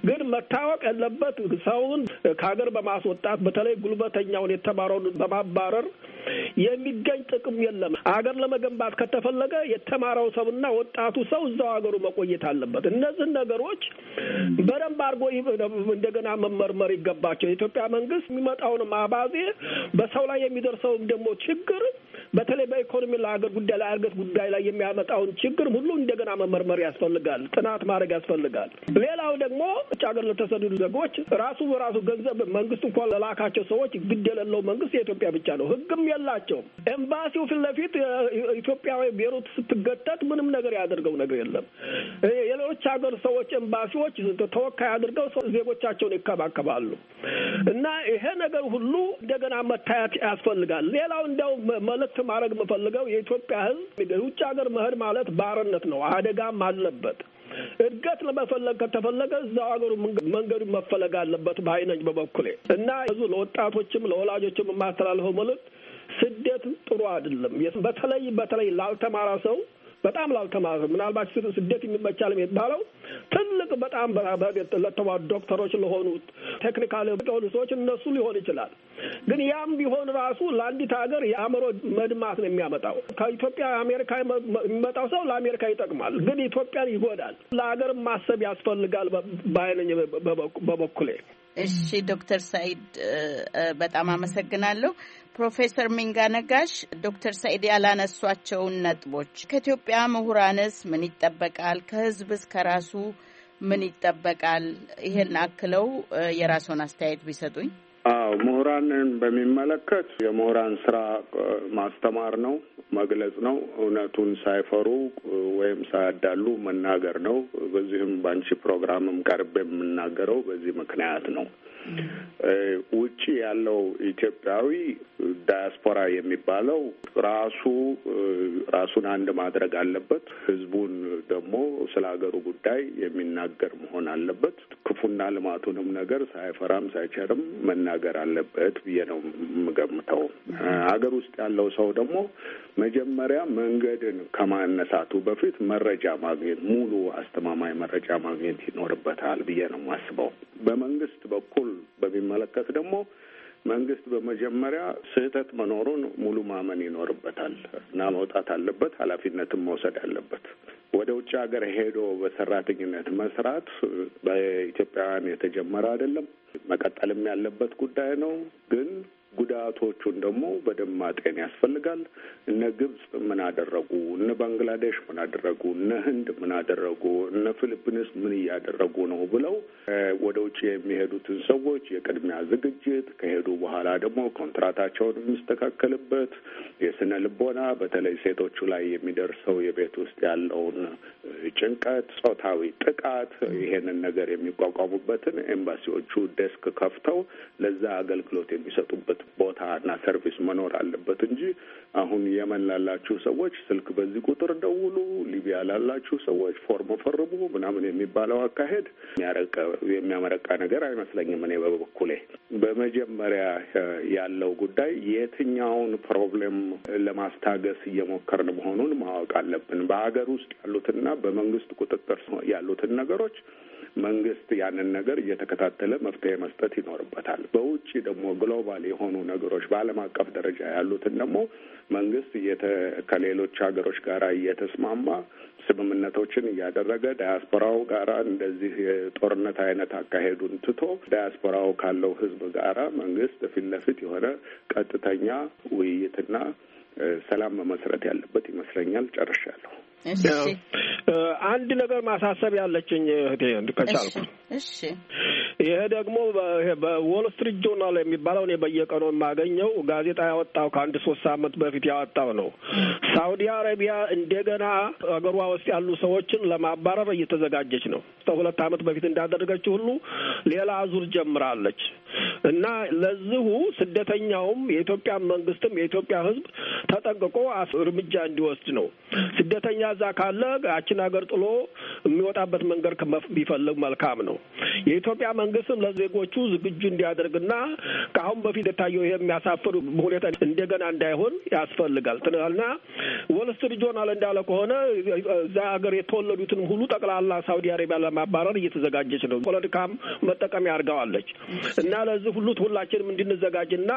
ግን መታወቅ ያለበት ሰውን ከሀገር በማስወጣት በተለይ ጉልበተኛውን የተማረውን በማባረር የሚገኝ ጥቅም የለም። አገር ለመገንባት ከተፈለገ የተማረው ሰውና ወጣቱ ሰው እዛው ሀገሩ መቆየት አለበት። እነዚህን ነገሮች በደንብ አድርጎ እንደገና መመርመር ይገባቸው። የኢትዮጵያ መንግስት የሚመጣውን አባዜ በሰው ላይ የሚደርሰውም ደግሞ ችግር በተለይ በኢኮኖሚ ለሀገር ጉዳይ ላይ ጉዳይ ላይ የሚያመጣውን ችግር ሁሉ እንደገና መመርመር ያስፈልጋል፣ ጥናት ማድረግ ያስፈልጋል። ሌላው ደግሞ ውጭ ሀገር ለተሰደዱ ዜጎች ራሱ በራሱ ገንዘብ መንግስት እንኳን ለላካቸው ሰዎች ግድ የሌለው መንግስት የኢትዮጵያ ብቻ ነው። ህግም የላቸውም። ኤምባሲው ፊት ለፊት ኢትዮጵያዊ ቤሩት ስትገተት ምንም ነገር ያደርገው ነገር የለም። የሌሎች ሀገር ሰዎች ኤምባሲዎች ተወካይ አድርገው ዜጎቻቸውን ይከባከባሉ እና ይሄ ነገር ሁሉ እንደገና መታየት ያስፈልጋል። ሌላው እንደው መልእክት ማድረግ የምፈልገው የኢትዮጵያ ሕዝብ የውጭ ሀገር መሄድ ማለት ባርነት ነው፣ አደጋም አለበት። እድገት ለመፈለግ ከተፈለገ እዛው ሀገሩ መንገዱ መፈለግ አለበት ባይነኝ በበኩሌ እና ለወጣቶችም ለወላጆችም የማስተላልፈው መልዕክት ስደት ጥሩ አይደለም። በተለይ በተለይ ላልተማራ ሰው በጣም ላልተማረ ምናልባት ስደት የሚመቻል የሚባለው ትልቅ በጣም ለተማሩ ዶክተሮች ለሆኑት ቴክኒካል ለሆኑ ሰዎች እነሱ ሊሆን ይችላል። ግን ያም ቢሆን ራሱ ለአንዲት ሀገር የአእምሮ መድማት ነው የሚያመጣው። ከኢትዮጵያ አሜሪካ የሚመጣው ሰው ለአሜሪካ ይጠቅማል፣ ግን ኢትዮጵያን ይጎዳል። ለሀገር ማሰብ ያስፈልጋል ባይነኝ በበኩሌ እሺ ዶክተር ሰኢድ በጣም አመሰግናለሁ። ፕሮፌሰር ሚንጋ ነጋሽ፣ ዶክተር ሰኢድ ያላነሷቸውን ነጥቦች ከኢትዮጵያ ምሁራንስ ምን ይጠበቃል? ከህዝብስ ከራሱ ምን ይጠበቃል? ይሄን አክለው የራስዎን አስተያየት ቢሰጡኝ። አዎ ምሁራንን በሚመለከት የምሁራን ስራ ማስተማር ነው፣ መግለጽ ነው፣ እውነቱን ሳይፈሩ ወይም ሳያዳሉ መናገር ነው። በዚህም በአንቺ ፕሮግራምም ቀርብ የምናገረው በዚህ ምክንያት ነው። ውጭ ያለው ኢትዮጵያዊ ዳያስፖራ የሚባለው ራሱ ራሱን አንድ ማድረግ አለበት። ህዝቡን ደግሞ ስለ ሀገሩ ጉዳይ የሚናገር መሆን አለበት። ክፉና ልማቱንም ነገር ሳይፈራም ሳይቸርም መናገር አለበት ብዬ ነው የምገምተው። ሀገር ውስጥ ያለው ሰው ደግሞ መጀመሪያ መንገድን ከማነሳቱ በፊት መረጃ ማግኘት ሙሉ አስተማማኝ መረጃ ማግኘት ይኖርበታል ብዬ ነው የማስበው። በመንግስት በኩል በሚመለከት ደግሞ መንግስት በመጀመሪያ ስህተት መኖሩን ሙሉ ማመን ይኖርበታል እና መውጣት አለበት፣ ኃላፊነትም መውሰድ አለበት። ወደ ውጭ ሀገር ሄዶ በሰራተኝነት መስራት በኢትዮጵያውያን የተጀመረ አይደለም፣ መቀጠልም ያለበት ጉዳይ ነው። ግን ጉዳቶቹን ደግሞ በደንብ ማጤን ያስፈልጋል። እነ ግብጽ ምን አደረጉ? እነ ባንግላዴሽ ምን አደረጉ? እነ ህንድ ምን አደረጉ? እነ ፊሊፒንስ ምን እያደረጉ ነው ብለው ወደ ውጭ የሚሄዱትን ሰዎች የቅድሚያ ዝግጅት ከሄዱ በኋላ ደግሞ ኮንትራታቸውን የሚስተካከልበት የስነ ልቦና በተለይ ሴቶቹ ላይ የሚደርሰው የቤት ውስጥ ያለውን ጭንቀት፣ ጾታዊ ጥቃት ይሄንን ነገር የሚቋቋሙበትን ኤምባሲዎቹ ዴስክ ከፍተው ለዛ አገልግሎት የሚሰጡበት ቦታ እና ሰርቪስ መኖር አለበት እንጂ አሁን የመን ላላችሁ ሰዎች ስልክ በዚህ ቁጥር ደውሉ፣ ሊቢያ ላላችሁ ሰዎች ፎርም ፈርሙ ምናምን የሚባለው አካሄድ የሚያመረቃ ነገር አይመስለኝም። እኔ በበኩሌ በመጀመሪያ ያለው ጉዳይ የትኛውን ፕሮብሌም ለማስታገስ እየሞከርን መሆኑን ማወቅ አለብን። በሀገር ውስጥ ያሉትና በመንግስት ቁጥጥር ያሉትን ነገሮች መንግስት ያንን ነገር እየተከታተለ መፍትሄ መስጠት ይኖርበታል። በውጭ ደግሞ ግሎባል የሆኑ ነገሮች በዓለም አቀፍ ደረጃ ያሉትን ደግሞ መንግስት ከሌሎች ሀገሮች ጋር እየተስማማ ስምምነቶችን እያደረገ ዳያስፖራው ጋር እንደዚህ የጦርነት አይነት አካሄዱን ትቶ ዳያስፖራው ካለው ህዝብ ጋራ መንግስት ፊት ለፊት የሆነ ቀጥተኛ ውይይትና ሰላም መመስረት ያለበት ይመስለኛል። ጨርሻለሁ። አንድ ነገር ማሳሰብ ያለችኝ እህቴ ከቻልኩ። እሺ ይሄ ደግሞ በዎል ስትሪት ጆርናል የሚባለው እኔ በየቀኑ የማገኘው ጋዜጣ ያወጣው ከአንድ ሶስት ሳምንት በፊት ያወጣው ነው። ሳውዲ አረቢያ እንደገና አገሯ ውስጥ ያሉ ሰዎችን ለማባረር እየተዘጋጀች ነው። ከሁለት ዓመት በፊት እንዳደረገች ሁሉ ሌላ ዙር ጀምራለች እና ለዚሁ ስደተኛውም የኢትዮጵያ መንግስትም የኢትዮጵያ ሕዝብ ተጠንቅቆ እርምጃ እንዲወስድ ነው ስደተኛ እዛ ካለ አችን ሀገር ጥሎ የሚወጣበት መንገድ ቢፈልግ መልካም ነው። የኢትዮጵያ መንግስትም ለዜጎቹ ዝግጁ እንዲያደርግና ከአሁን በፊት የታየው ይሄ የሚያሳፍር ሁኔታ እንደገና እንዳይሆን ያስፈልጋል ትናልና ወል ስትሪት ጆርናል እንዳለ ከሆነ እዛ ሀገር የተወለዱትንም ሁሉ ጠቅላላ ሳውዲ አረቢያ ለማባረር እየተዘጋጀች ነው። ፖለቲካም መጠቀሚያ አድርገዋለች እና ለዚህ ሁሉ ሁላችንም እንድንዘጋጅና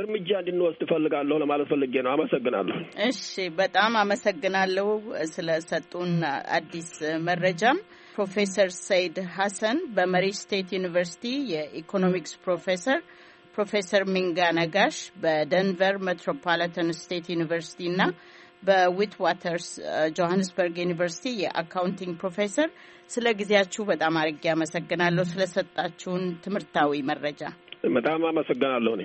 እርምጃ እንድንወስድ እፈልጋለሁ ለማለት ፈልጌ ነው። አመሰግናለሁ። እሺ፣ በጣም አመሰግናለሁ። ስለሰጡን አዲስ መረጃም ፕሮፌሰር ሰይድ ሀሰን በመሪ ስቴት ዩኒቨርሲቲ የኢኮኖሚክስ ፕሮፌሰር፣ ፕሮፌሰር ሚንጋ ነጋሽ በደንቨር ሜትሮፖሊታን ስቴት ዩኒቨርሲቲ እና በዊት ዋተርስ ጆሃንስበርግ ዩኒቨርሲቲ የአካውንቲንግ ፕሮፌሰር፣ ስለ ጊዜያችሁ በጣም አድርጌ አመሰግናለሁ። ስለሰጣችሁን ትምህርታዊ መረጃ በጣም አመሰግናለሁ። እኔ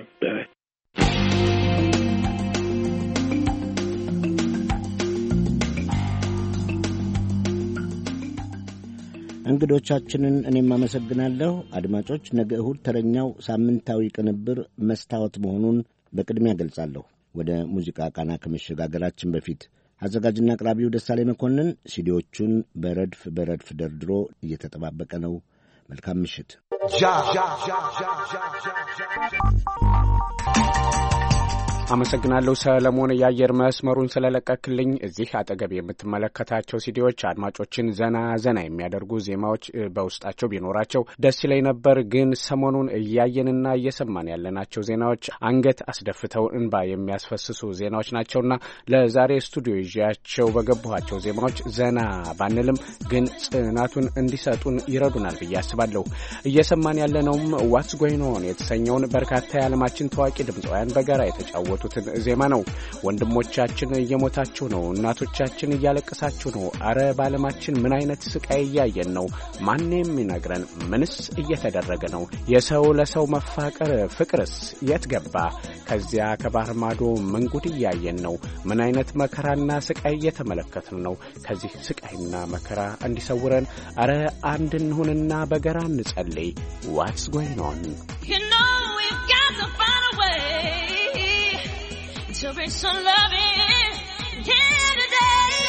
እንግዶቻችንን እኔም አመሰግናለሁ። አድማጮች፣ ነገ እሁድ ተረኛው ሳምንታዊ ቅንብር መስታወት መሆኑን በቅድሚያ ገልጻለሁ። ወደ ሙዚቃ ቃና ከመሸጋገራችን በፊት አዘጋጅና አቅራቢው ደሳሌ መኮንን ሲዲዎቹን በረድፍ በረድፍ ደርድሮ እየተጠባበቀ ነው። መልካም ምሽት። አመሰግናለሁ ሰለሞን፣ የአየር መስመሩን ስለለቀክልኝ። እዚህ አጠገብ የምትመለከታቸው ሲዲዎች አድማጮችን ዘና ዘና የሚያደርጉ ዜማዎች በውስጣቸው ቢኖራቸው ደስ ይለኝ ነበር። ግን ሰሞኑን እያየንና እየሰማን ያለናቸው ዜናዎች አንገት አስደፍተው እንባ የሚያስፈስሱ ዜናዎች ናቸውና ለዛሬ ስቱዲዮ ይዣቸው በገቡኋቸው ዜማዎች ዘና ባንልም ግን ጽናቱን እንዲሰጡን ይረዱናል ብዬ አስባለሁ። እየሰማን ያለነውም ዋትስ ጎይኖን የተሰኘውን በርካታ የዓለማችን ታዋቂ ድምፃውያን በጋራ የተጫወ ያጫወቱትን ዜማ ነው። ወንድሞቻችን እየሞታችሁ ነው፣ እናቶቻችን እያለቀሳችሁ ነው። አረ ባለማችን ምን አይነት ስቃይ እያየን ነው? ማን የሚነግረን? ምንስ እየተደረገ ነው? የሰው ለሰው መፋቀር ፍቅርስ የት ገባ? ከዚያ ከባህር ማዶ ምን ጉድ እያየን ነው? ምን አይነት መከራና ስቃይ እየተመለከትን ነው? ከዚህ ስቃይና መከራ እንዲሰውረን አረ አንድ እንሁንና በጋራ እንጸልይ። ዋትስ ጎይኖን So bring some loving here today.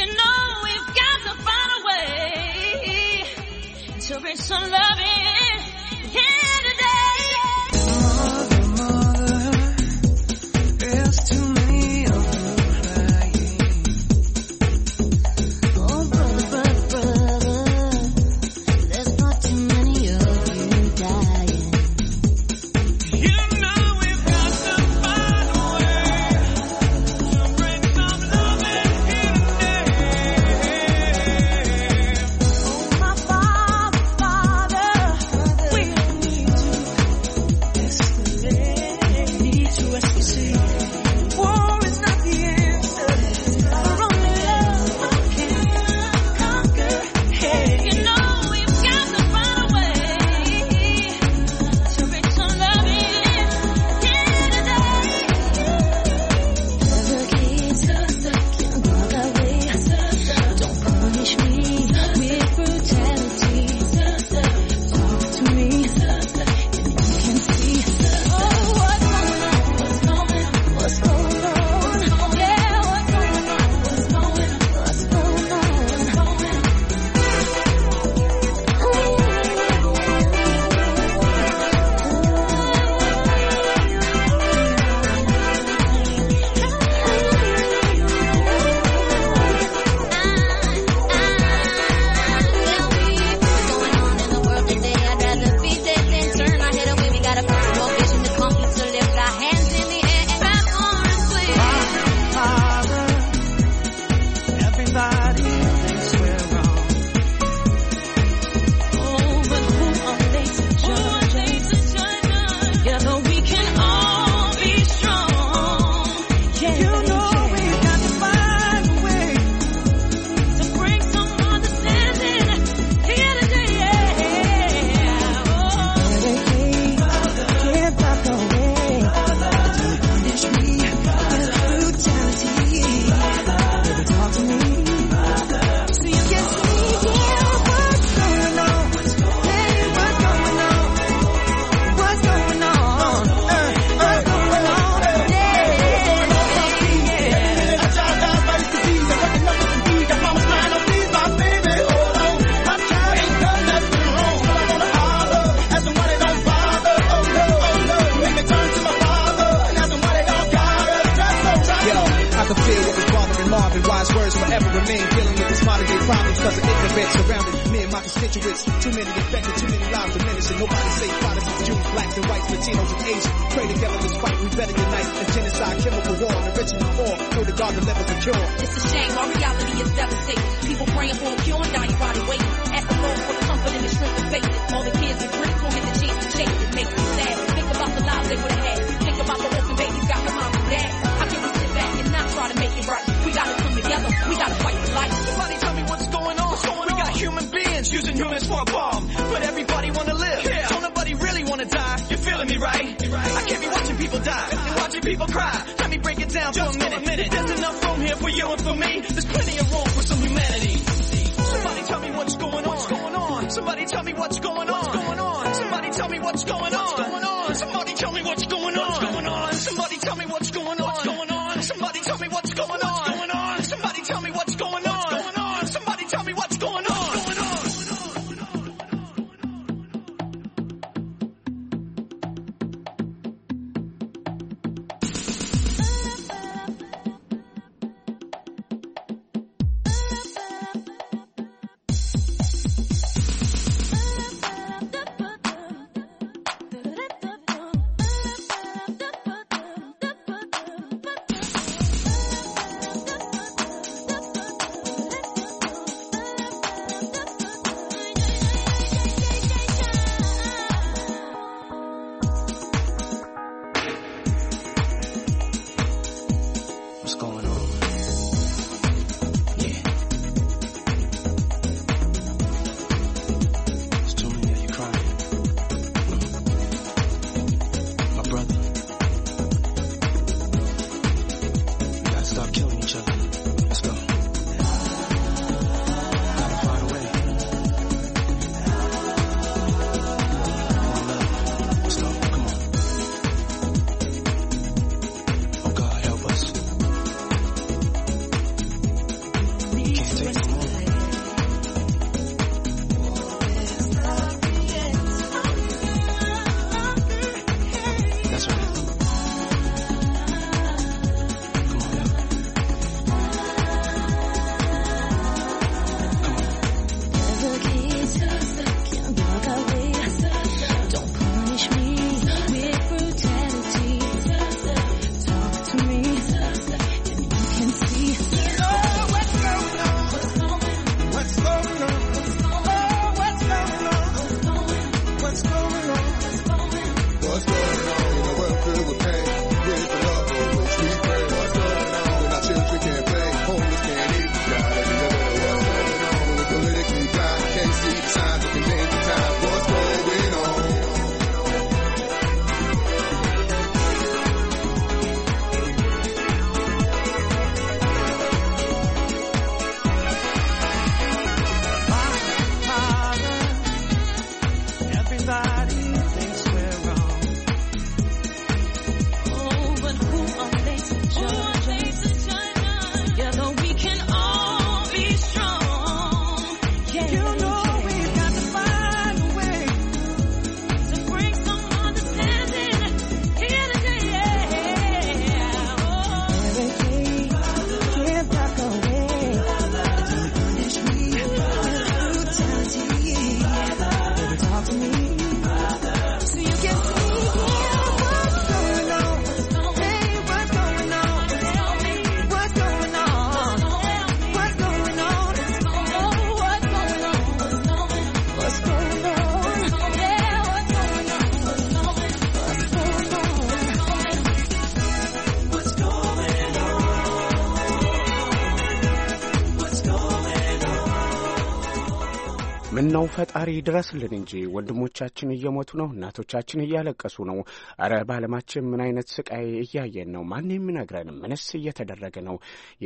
You know we've got to find a way to bring some loving. Somebody tell me what's going on. ዋናው ፈጣሪ ድረስልን እንጂ ወንድሞቻችን እየሞቱ ነው፣ እናቶቻችን እያለቀሱ ነው። አረ በዓለማችን ምን አይነት ስቃይ እያየን ነው? ማን የሚነግረን? ምንስ እየተደረገ ነው?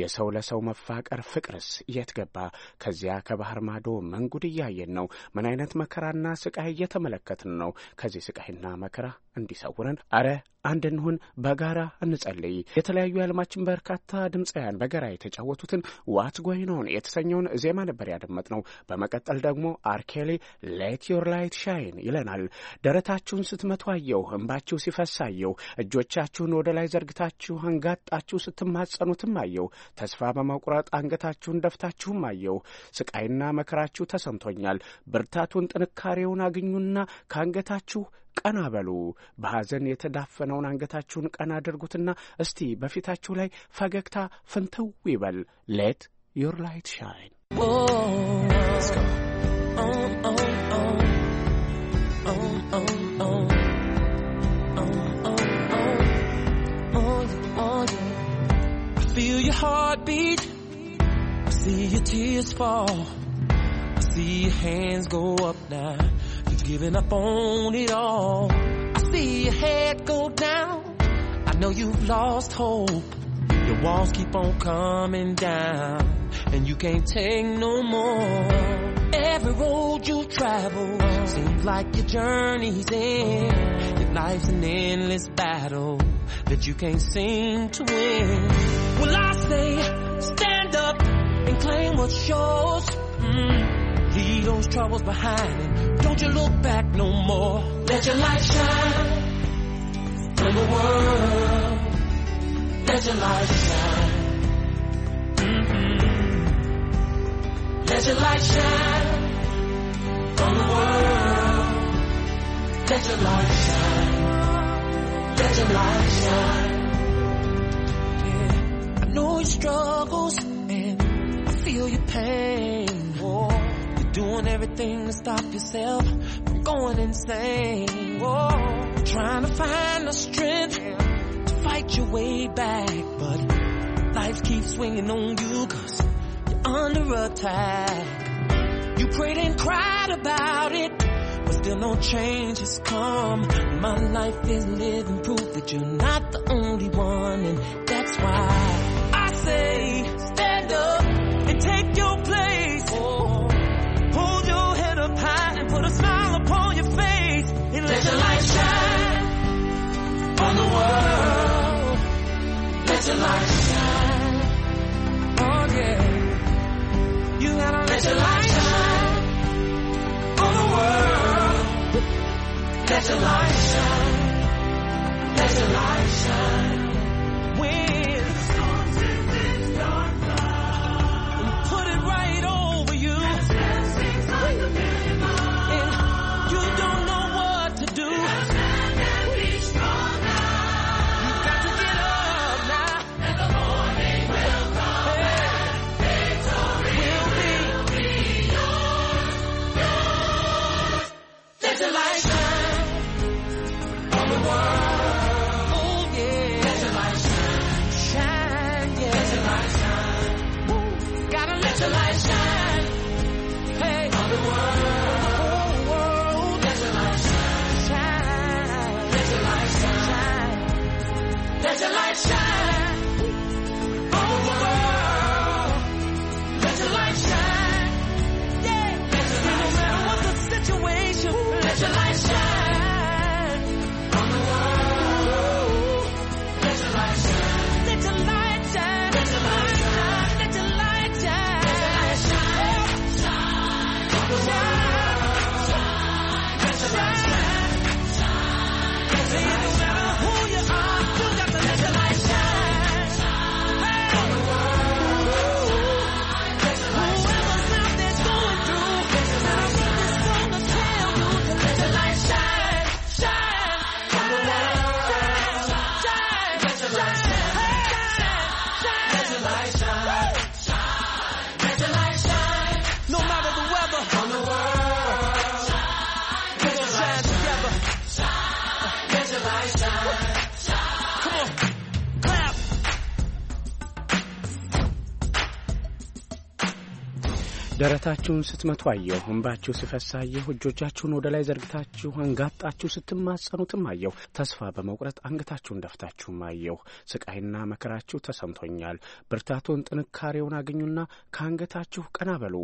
የሰው ለሰው መፋቀር ፍቅርስ የት ገባ? ከዚያ ከባህር ማዶ መንጉድ እያየን ነው። ምን አይነት መከራና ስቃይ እየተመለከትን ነው? ከዚህ ስቃይና መከራ እንዲሰውረን አረ አንድ እንሁን፣ በጋራ እንጸልይ። የተለያዩ የዓለማችን በርካታ ድምፃውያን በጋራ የተጫወቱትን ዋት ጎይኖን የተሰኘውን ዜማ ነበር ያደመጥነው። በመቀጠል ደግሞ አርኬሌ ሌት ዮር ላይት ሻይን ይለናል። ደረታችሁን ስትመቱ አየሁ፣ እንባችሁ ሲፈስ አየሁ፣ እጆቻችሁን ወደ ላይ ዘርግታችሁ አንጋጣችሁ ስትማጸኑትም አየሁ፣ ተስፋ በመቁረጥ አንገታችሁን ደፍታችሁም አየሁ። ስቃይና መከራችሁ ተሰምቶኛል። ብርታቱን ጥንካሬውን አግኙና ከአንገታችሁ ቀና በሉ። በሐዘን የተዳፈነውን አንገታችሁን ቀና አድርጉትና እስቲ በፊታችሁ ላይ ፈገግታ ፍንትው ይበል። ሌት ዮር ላይት ሻይን። see your hands go up now. She's giving up on it all. I see your head go down. I know you've lost hope. Your walls keep on coming down, and you can't take no more. Every road you travel seems like your journey's in. Your life's an endless battle that you can't seem to win. Well, I say, stand up and claim what's yours. Mm. Leave those troubles behind and don't you look back no more. Let your light shine in the world. Let your light shine. Mm-hmm. Let your light shine on the world. Let your light shine. Let your light shine. Yeah. I know your struggles and I feel your pain Doing everything to stop yourself from going insane. Whoa. Trying to find the strength to fight your way back. But life keeps swinging on you cause you're under attack. You prayed and cried about it, but still no change has come. My life is living proof that you're not the only one and that's why I say stand up and take your light shine. Oh yeah. You gotta let your light shine on the world. Let your light shine. Let your light shine. ፊታችሁን ስትመቱ አየሁ፣ እንባችሁ ሲፈስ አየሁ፣ እጆቻችሁን ወደ ላይ ዘርግታችሁ አንጋጣችሁ ስትማጸኑትም አየሁ፣ ተስፋ በመቁረጥ አንገታችሁን ደፍታችሁም አየሁ። ስቃይና መከራችሁ ተሰምቶኛል። ብርታቱን ጥንካሬውን አገኙና ከአንገታችሁ ቀና በሉ።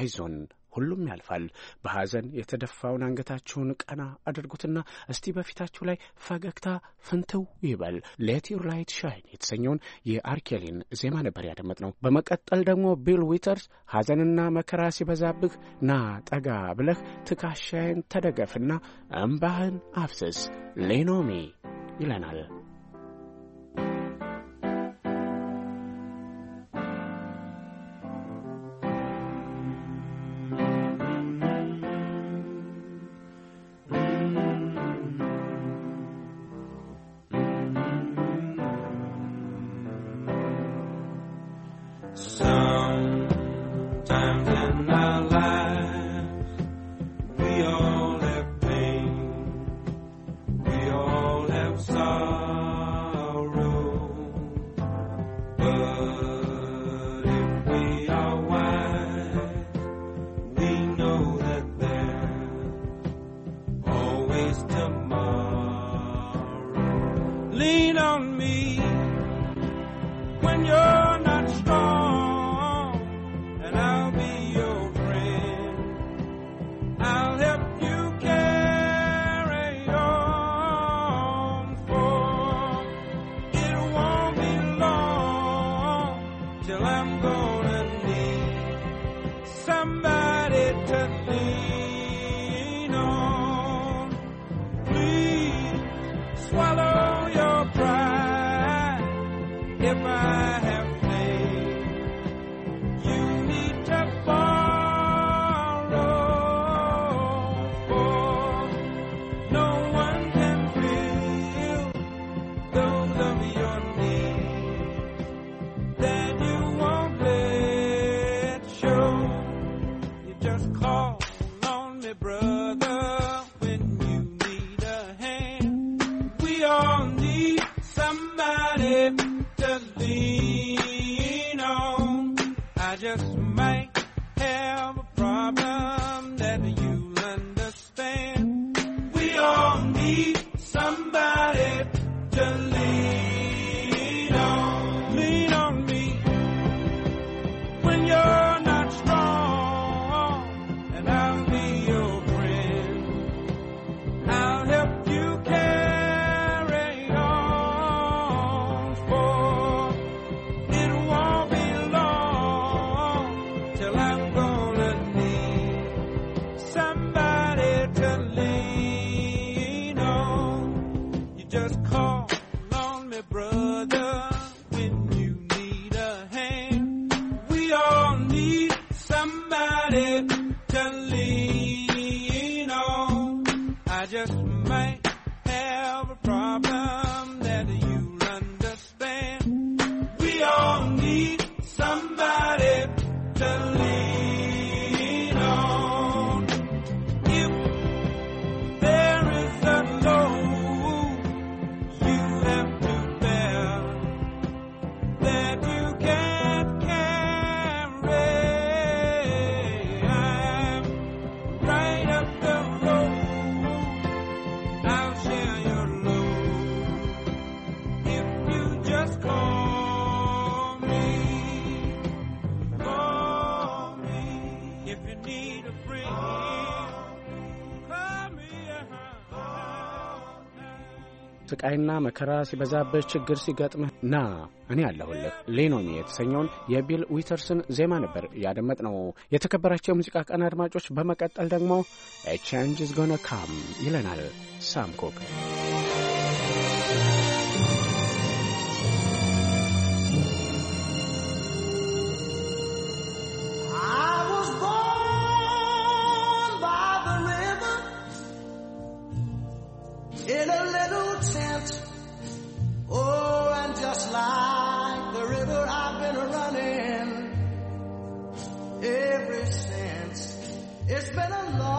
አይዞን ሁሉም ያልፋል። በሐዘን የተደፋውን አንገታችሁን ቀና አድርጉትና እስቲ በፊታችሁ ላይ ፈገግታ ፍንትው ይበል። ሌት ዩር ላይት ሻይን የተሰኘውን የአርኬሊን ዜማ ነበር ያደመጥነው። በመቀጠል ደግሞ ቢል ዊተርስ ሐዘንና መከራ ሲበዛብህ ና ጠጋ ብለህ ትካሻይን ተደገፍና እምባህን አፍስስ ሌኖሚ ይለናል። So be your ስቃይና መከራ ሲበዛበት፣ ችግር ሲገጥምህ ና እኔ አለሁልህ ሌኖሚ የተሰኘውን የቢል ዊተርስን ዜማ ነበር እያደመጥ ነው። የተከበራቸው የሙዚቃ ቀን አድማጮች፣ በመቀጠል ደግሞ ኤ ቼንጅ ኢዝ ጎነ ካም ይለናል ሳም ኮክ scent. Oh, and just like the river I've been running ever since. It's been a long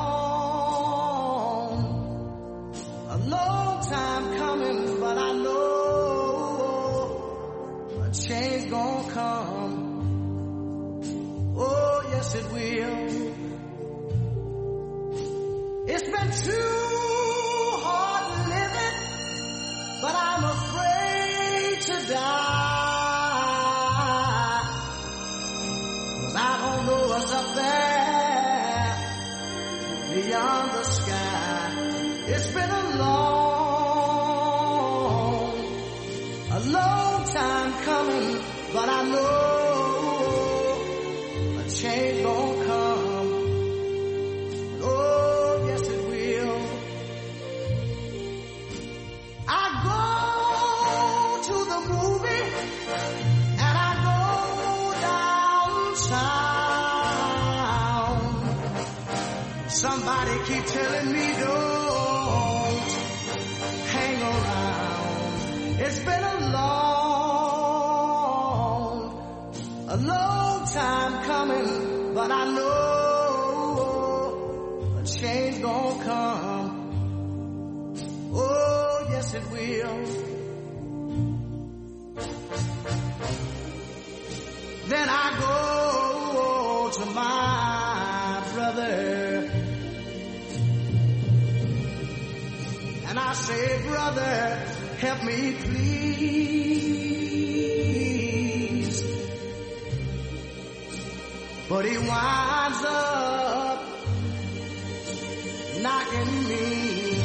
knocking me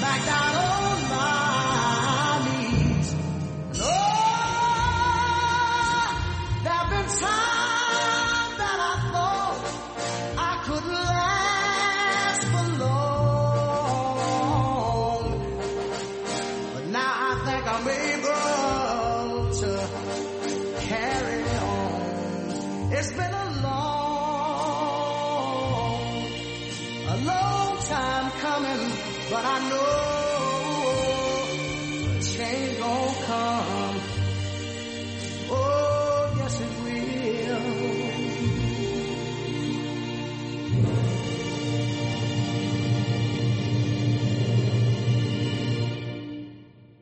back down.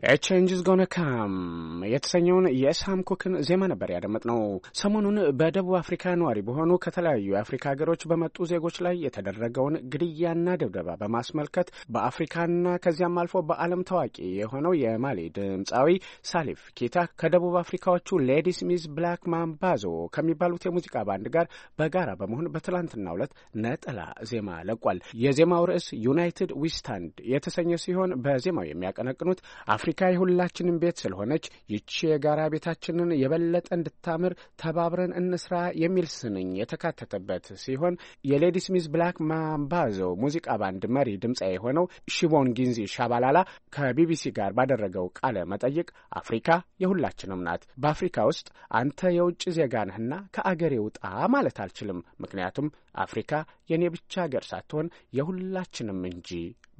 a change is gonna come. የተሰኘውን የሳም ኩክን ዜማ ነበር ያደመጥነው። ሰሞኑን በደቡብ አፍሪካ ነዋሪ በሆኑ ከተለያዩ የአፍሪካ ሀገሮች በመጡ ዜጎች ላይ የተደረገውን ግድያና ድብደባ በማስመልከት በአፍሪካና ከዚያም አልፎ በዓለም ታዋቂ የሆነው የማሊ ድምፃዊ ሳሊፍ ኪታ ከደቡብ አፍሪካዎቹ ሌዲስ ሚዝ ብላክ ማምባዞ ከሚባሉት የሙዚቃ ባንድ ጋር በጋራ በመሆን በትላንትናው ዕለት ነጠላ ዜማ ለቋል። የዜማው ርዕስ ዩናይትድ ዊስታንድ የተሰኘ ሲሆን በዜማው የሚያቀነቅኑት አፍሪካ የሁላችንም ቤት ስለሆነች ይቺ የጋራ ቤታችንን የበለጠ እንድታምር ተባብረን እንስራ የሚል ስንኝ የተካተተበት ሲሆን የሌዲ ሚስ ብላክ ማምባዞ ሙዚቃ ባንድ መሪ ድምፃ የሆነው ሽቦን ጊንዚ ሻባላላ ከቢቢሲ ጋር ባደረገው ቃለ መጠይቅ አፍሪካ የሁላችንም ናት። በአፍሪካ ውስጥ አንተ የውጭ ዜጋ ነህና ከአገሬ ውጣ ማለት አልችልም፣ ምክንያቱም አፍሪካ የእኔ ብቻ አገር ሳትሆን የሁላችንም እንጂ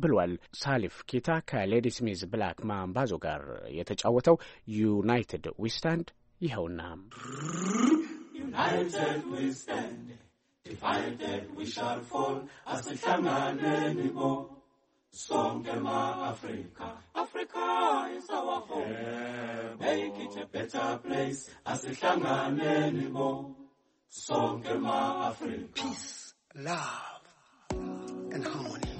ብሏል። ሳሊፍ ኬታ ከሌዲ ስሚዝ ብላክ ማምባዞ ጋር የተጫወተው ዩናይትድ ዊስታንድ ይኸውና United we stand, Songema Africa, Africa is our home. Yeah, Make it a better place, as the Shaman go. Songema Africa. Peace, love, and harmony.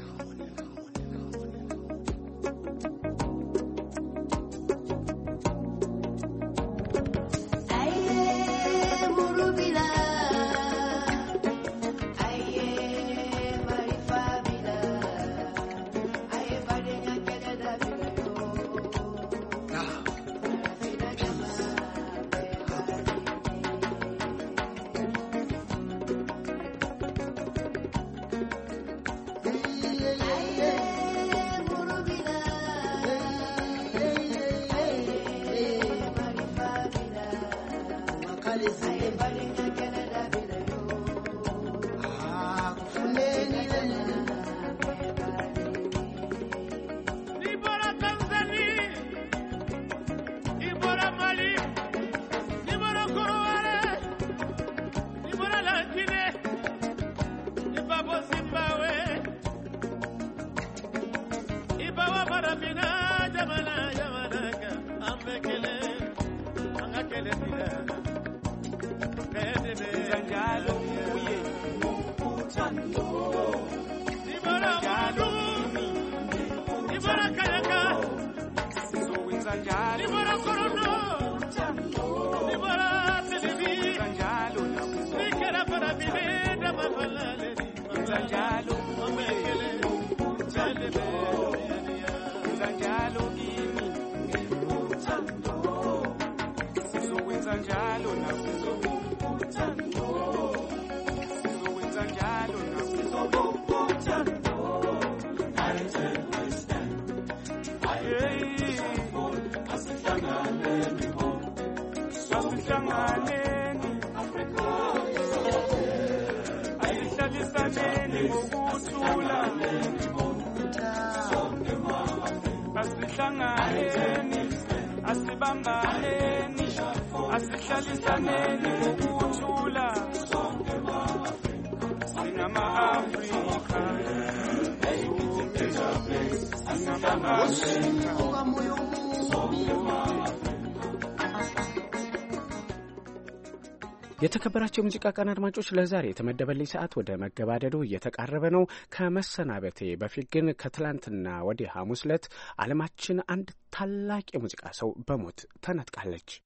የተከበራቸው የሙዚቃ ቀን አድማጮች፣ ለዛሬ የተመደበልኝ ሰዓት ወደ መገባደዱ እየተቃረበ ነው። ከመሰናበቴ በፊት ግን ከትላንትና ወዲህ ሐሙስ ዕለት ዓለማችን አንድ ታላቅ የሙዚቃ ሰው በሞት ተነጥቃለች።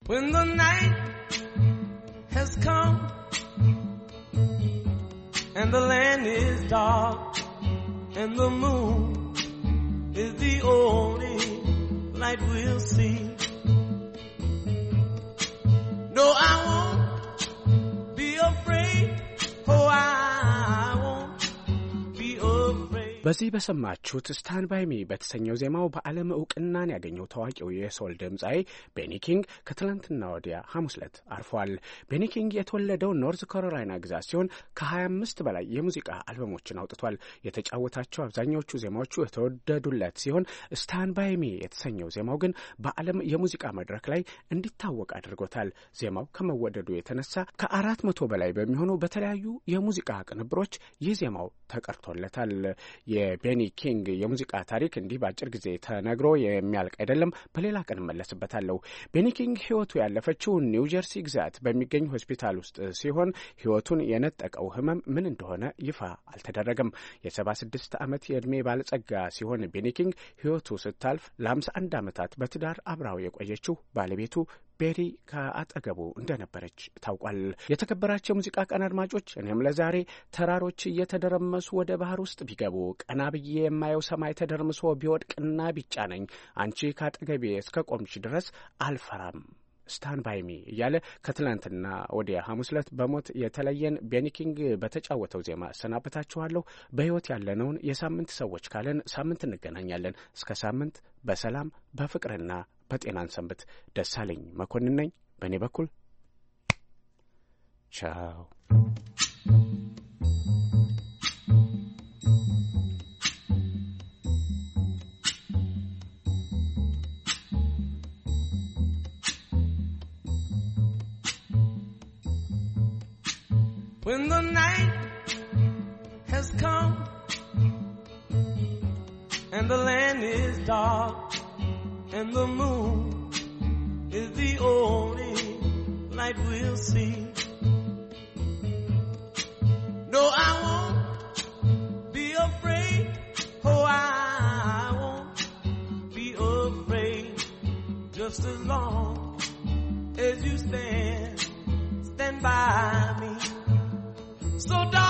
No, I won't Oh, I በዚህ በሰማችሁት ስታንድ ባይ ሚ በተሰኘው ዜማው በዓለም እውቅናን ያገኘው ታዋቂው የሶል ድምፃዊ ቤኒ ኪንግ ከትላንትና ወዲያ ሐሙስ ዕለት አርፏል። ቤኒ ኪንግ የተወለደው ኖርዝ ካሮላይና ግዛት ሲሆን ከ25 በላይ የሙዚቃ አልበሞችን አውጥቷል። የተጫወታቸው አብዛኛዎቹ ዜማዎቹ የተወደዱለት ሲሆን ስታንድ ባይ ሚ የተሰኘው ዜማው ግን በዓለም የሙዚቃ መድረክ ላይ እንዲታወቅ አድርጎታል። ዜማው ከመወደዱ የተነሳ ከአራት መቶ በላይ በሚሆኑ በተለያዩ የሙዚቃ ቅንብሮች ይህ ዜማው ተቀርቶለታል። የቤኒ ኪንግ የሙዚቃ ታሪክ እንዲህ በአጭር ጊዜ ተነግሮ የሚያልቅ አይደለም። በሌላ ቀን እመለስበታለሁ። ቤኒ ኪንግ ህይወቱ ያለፈችው ኒው ጀርሲ ግዛት በሚገኝ ሆስፒታል ውስጥ ሲሆን ህይወቱን የነጠቀው ህመም ምን እንደሆነ ይፋ አልተደረገም። የሰባ ስድስት ዓመት የዕድሜ ባለጸጋ ሲሆን ቤኒ ኪንግ ህይወቱ ስታልፍ ለአምሳ አንድ ዓመታት በትዳር አብራው የቆየችው ባለቤቱ ቤሪ ከአጠገቡ እንደነበረች ታውቋል። የተከበራቸው የሙዚቃ ቀን አድማጮች፣ እኔም ለዛሬ ተራሮች እየተደረመሱ ወደ ባህር ውስጥ ቢገቡ ቀና ብዬ የማየው ሰማይ ተደርምሶ ቢወድቅና ቢጫነኝ አንቺ ከአጠገቤ እስከ ቆምች ድረስ አልፈራም ስታን ባይሚ እያለ ከትላንትና ወዲያ ሐሙስ ዕለት በሞት የተለየን ቤኒኪንግ በተጫወተው ዜማ እሰናበታችኋለሁ። በሕይወት ያለነውን የሳምንት ሰዎች ካለን ሳምንት እንገናኛለን። እስከ ሳምንት በሰላም በፍቅርና በጤናን ደሳለኝ መኮንን ነኝ። በእኔ በኩል ቻው። When the night has come and the land is dark and the moon is the only light we'll see. No, I won't be afraid. Oh, I won't be afraid just as long as you stand, stand by me. So darling,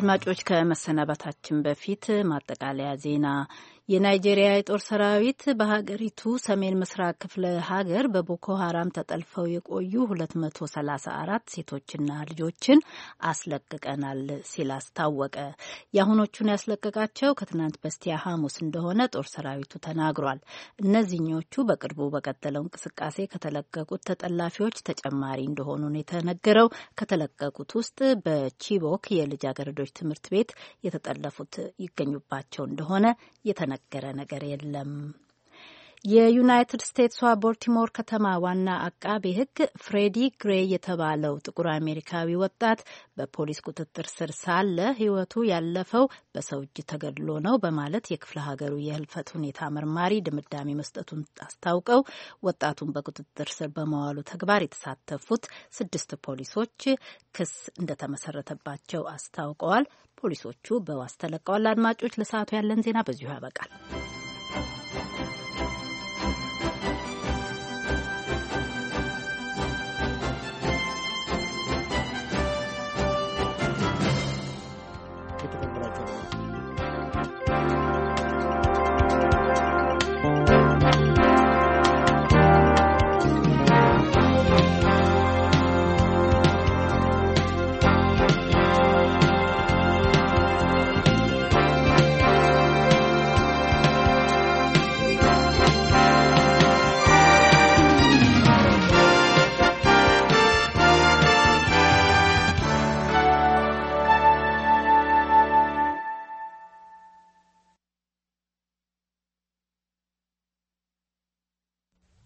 አድማጮች ከመሰናበታችን በፊት ማጠቃለያ ዜና የናይጄሪያ የጦር ሰራዊት በሀገሪቱ ሰሜን ምስራቅ ክፍለ ሀገር በቦኮ ሀራም ተጠልፈው የቆዩ 234 ሴቶችና ልጆችን አስለቅቀናል ሲል አስታወቀ። የአሁኖቹን ያስለቀቃቸው ከትናንት በስቲያ ሐሙስ እንደሆነ ጦር ሰራዊቱ ተናግሯል። እነዚህኞቹ በቅርቡ በቀጠለው እንቅስቃሴ ከተለቀቁት ተጠላፊዎች ተጨማሪ እንደሆኑ ነው የተነገረው። ከተለቀቁት ውስጥ በቺቦክ የልጃገረዶች ትምህርት ቤት የተጠለፉት ይገኙባቸው እንደሆነ የተነ የተሻገረ ነገር የለም። የዩናይትድ ስቴትሷ ቦልቲሞር ከተማ ዋና አቃቤ ሕግ ፍሬዲ ግሬ የተባለው ጥቁር አሜሪካዊ ወጣት በፖሊስ ቁጥጥር ስር ሳለ ሕይወቱ ያለፈው በሰው እጅ ተገድሎ ነው በማለት የክፍለ ሀገሩ የህልፈት ሁኔታ መርማሪ ድምዳሜ መስጠቱን አስታውቀው ወጣቱን በቁጥጥር ስር በመዋሉ ተግባር የተሳተፉት ስድስት ፖሊሶች ክስ እንደተመሰረተባቸው አስታውቀዋል። ፖሊሶቹ በዋስ ተለቀዋል። አድማጮች፣ ለሰዓቱ ያለን ዜና በዚሁ ያበቃል።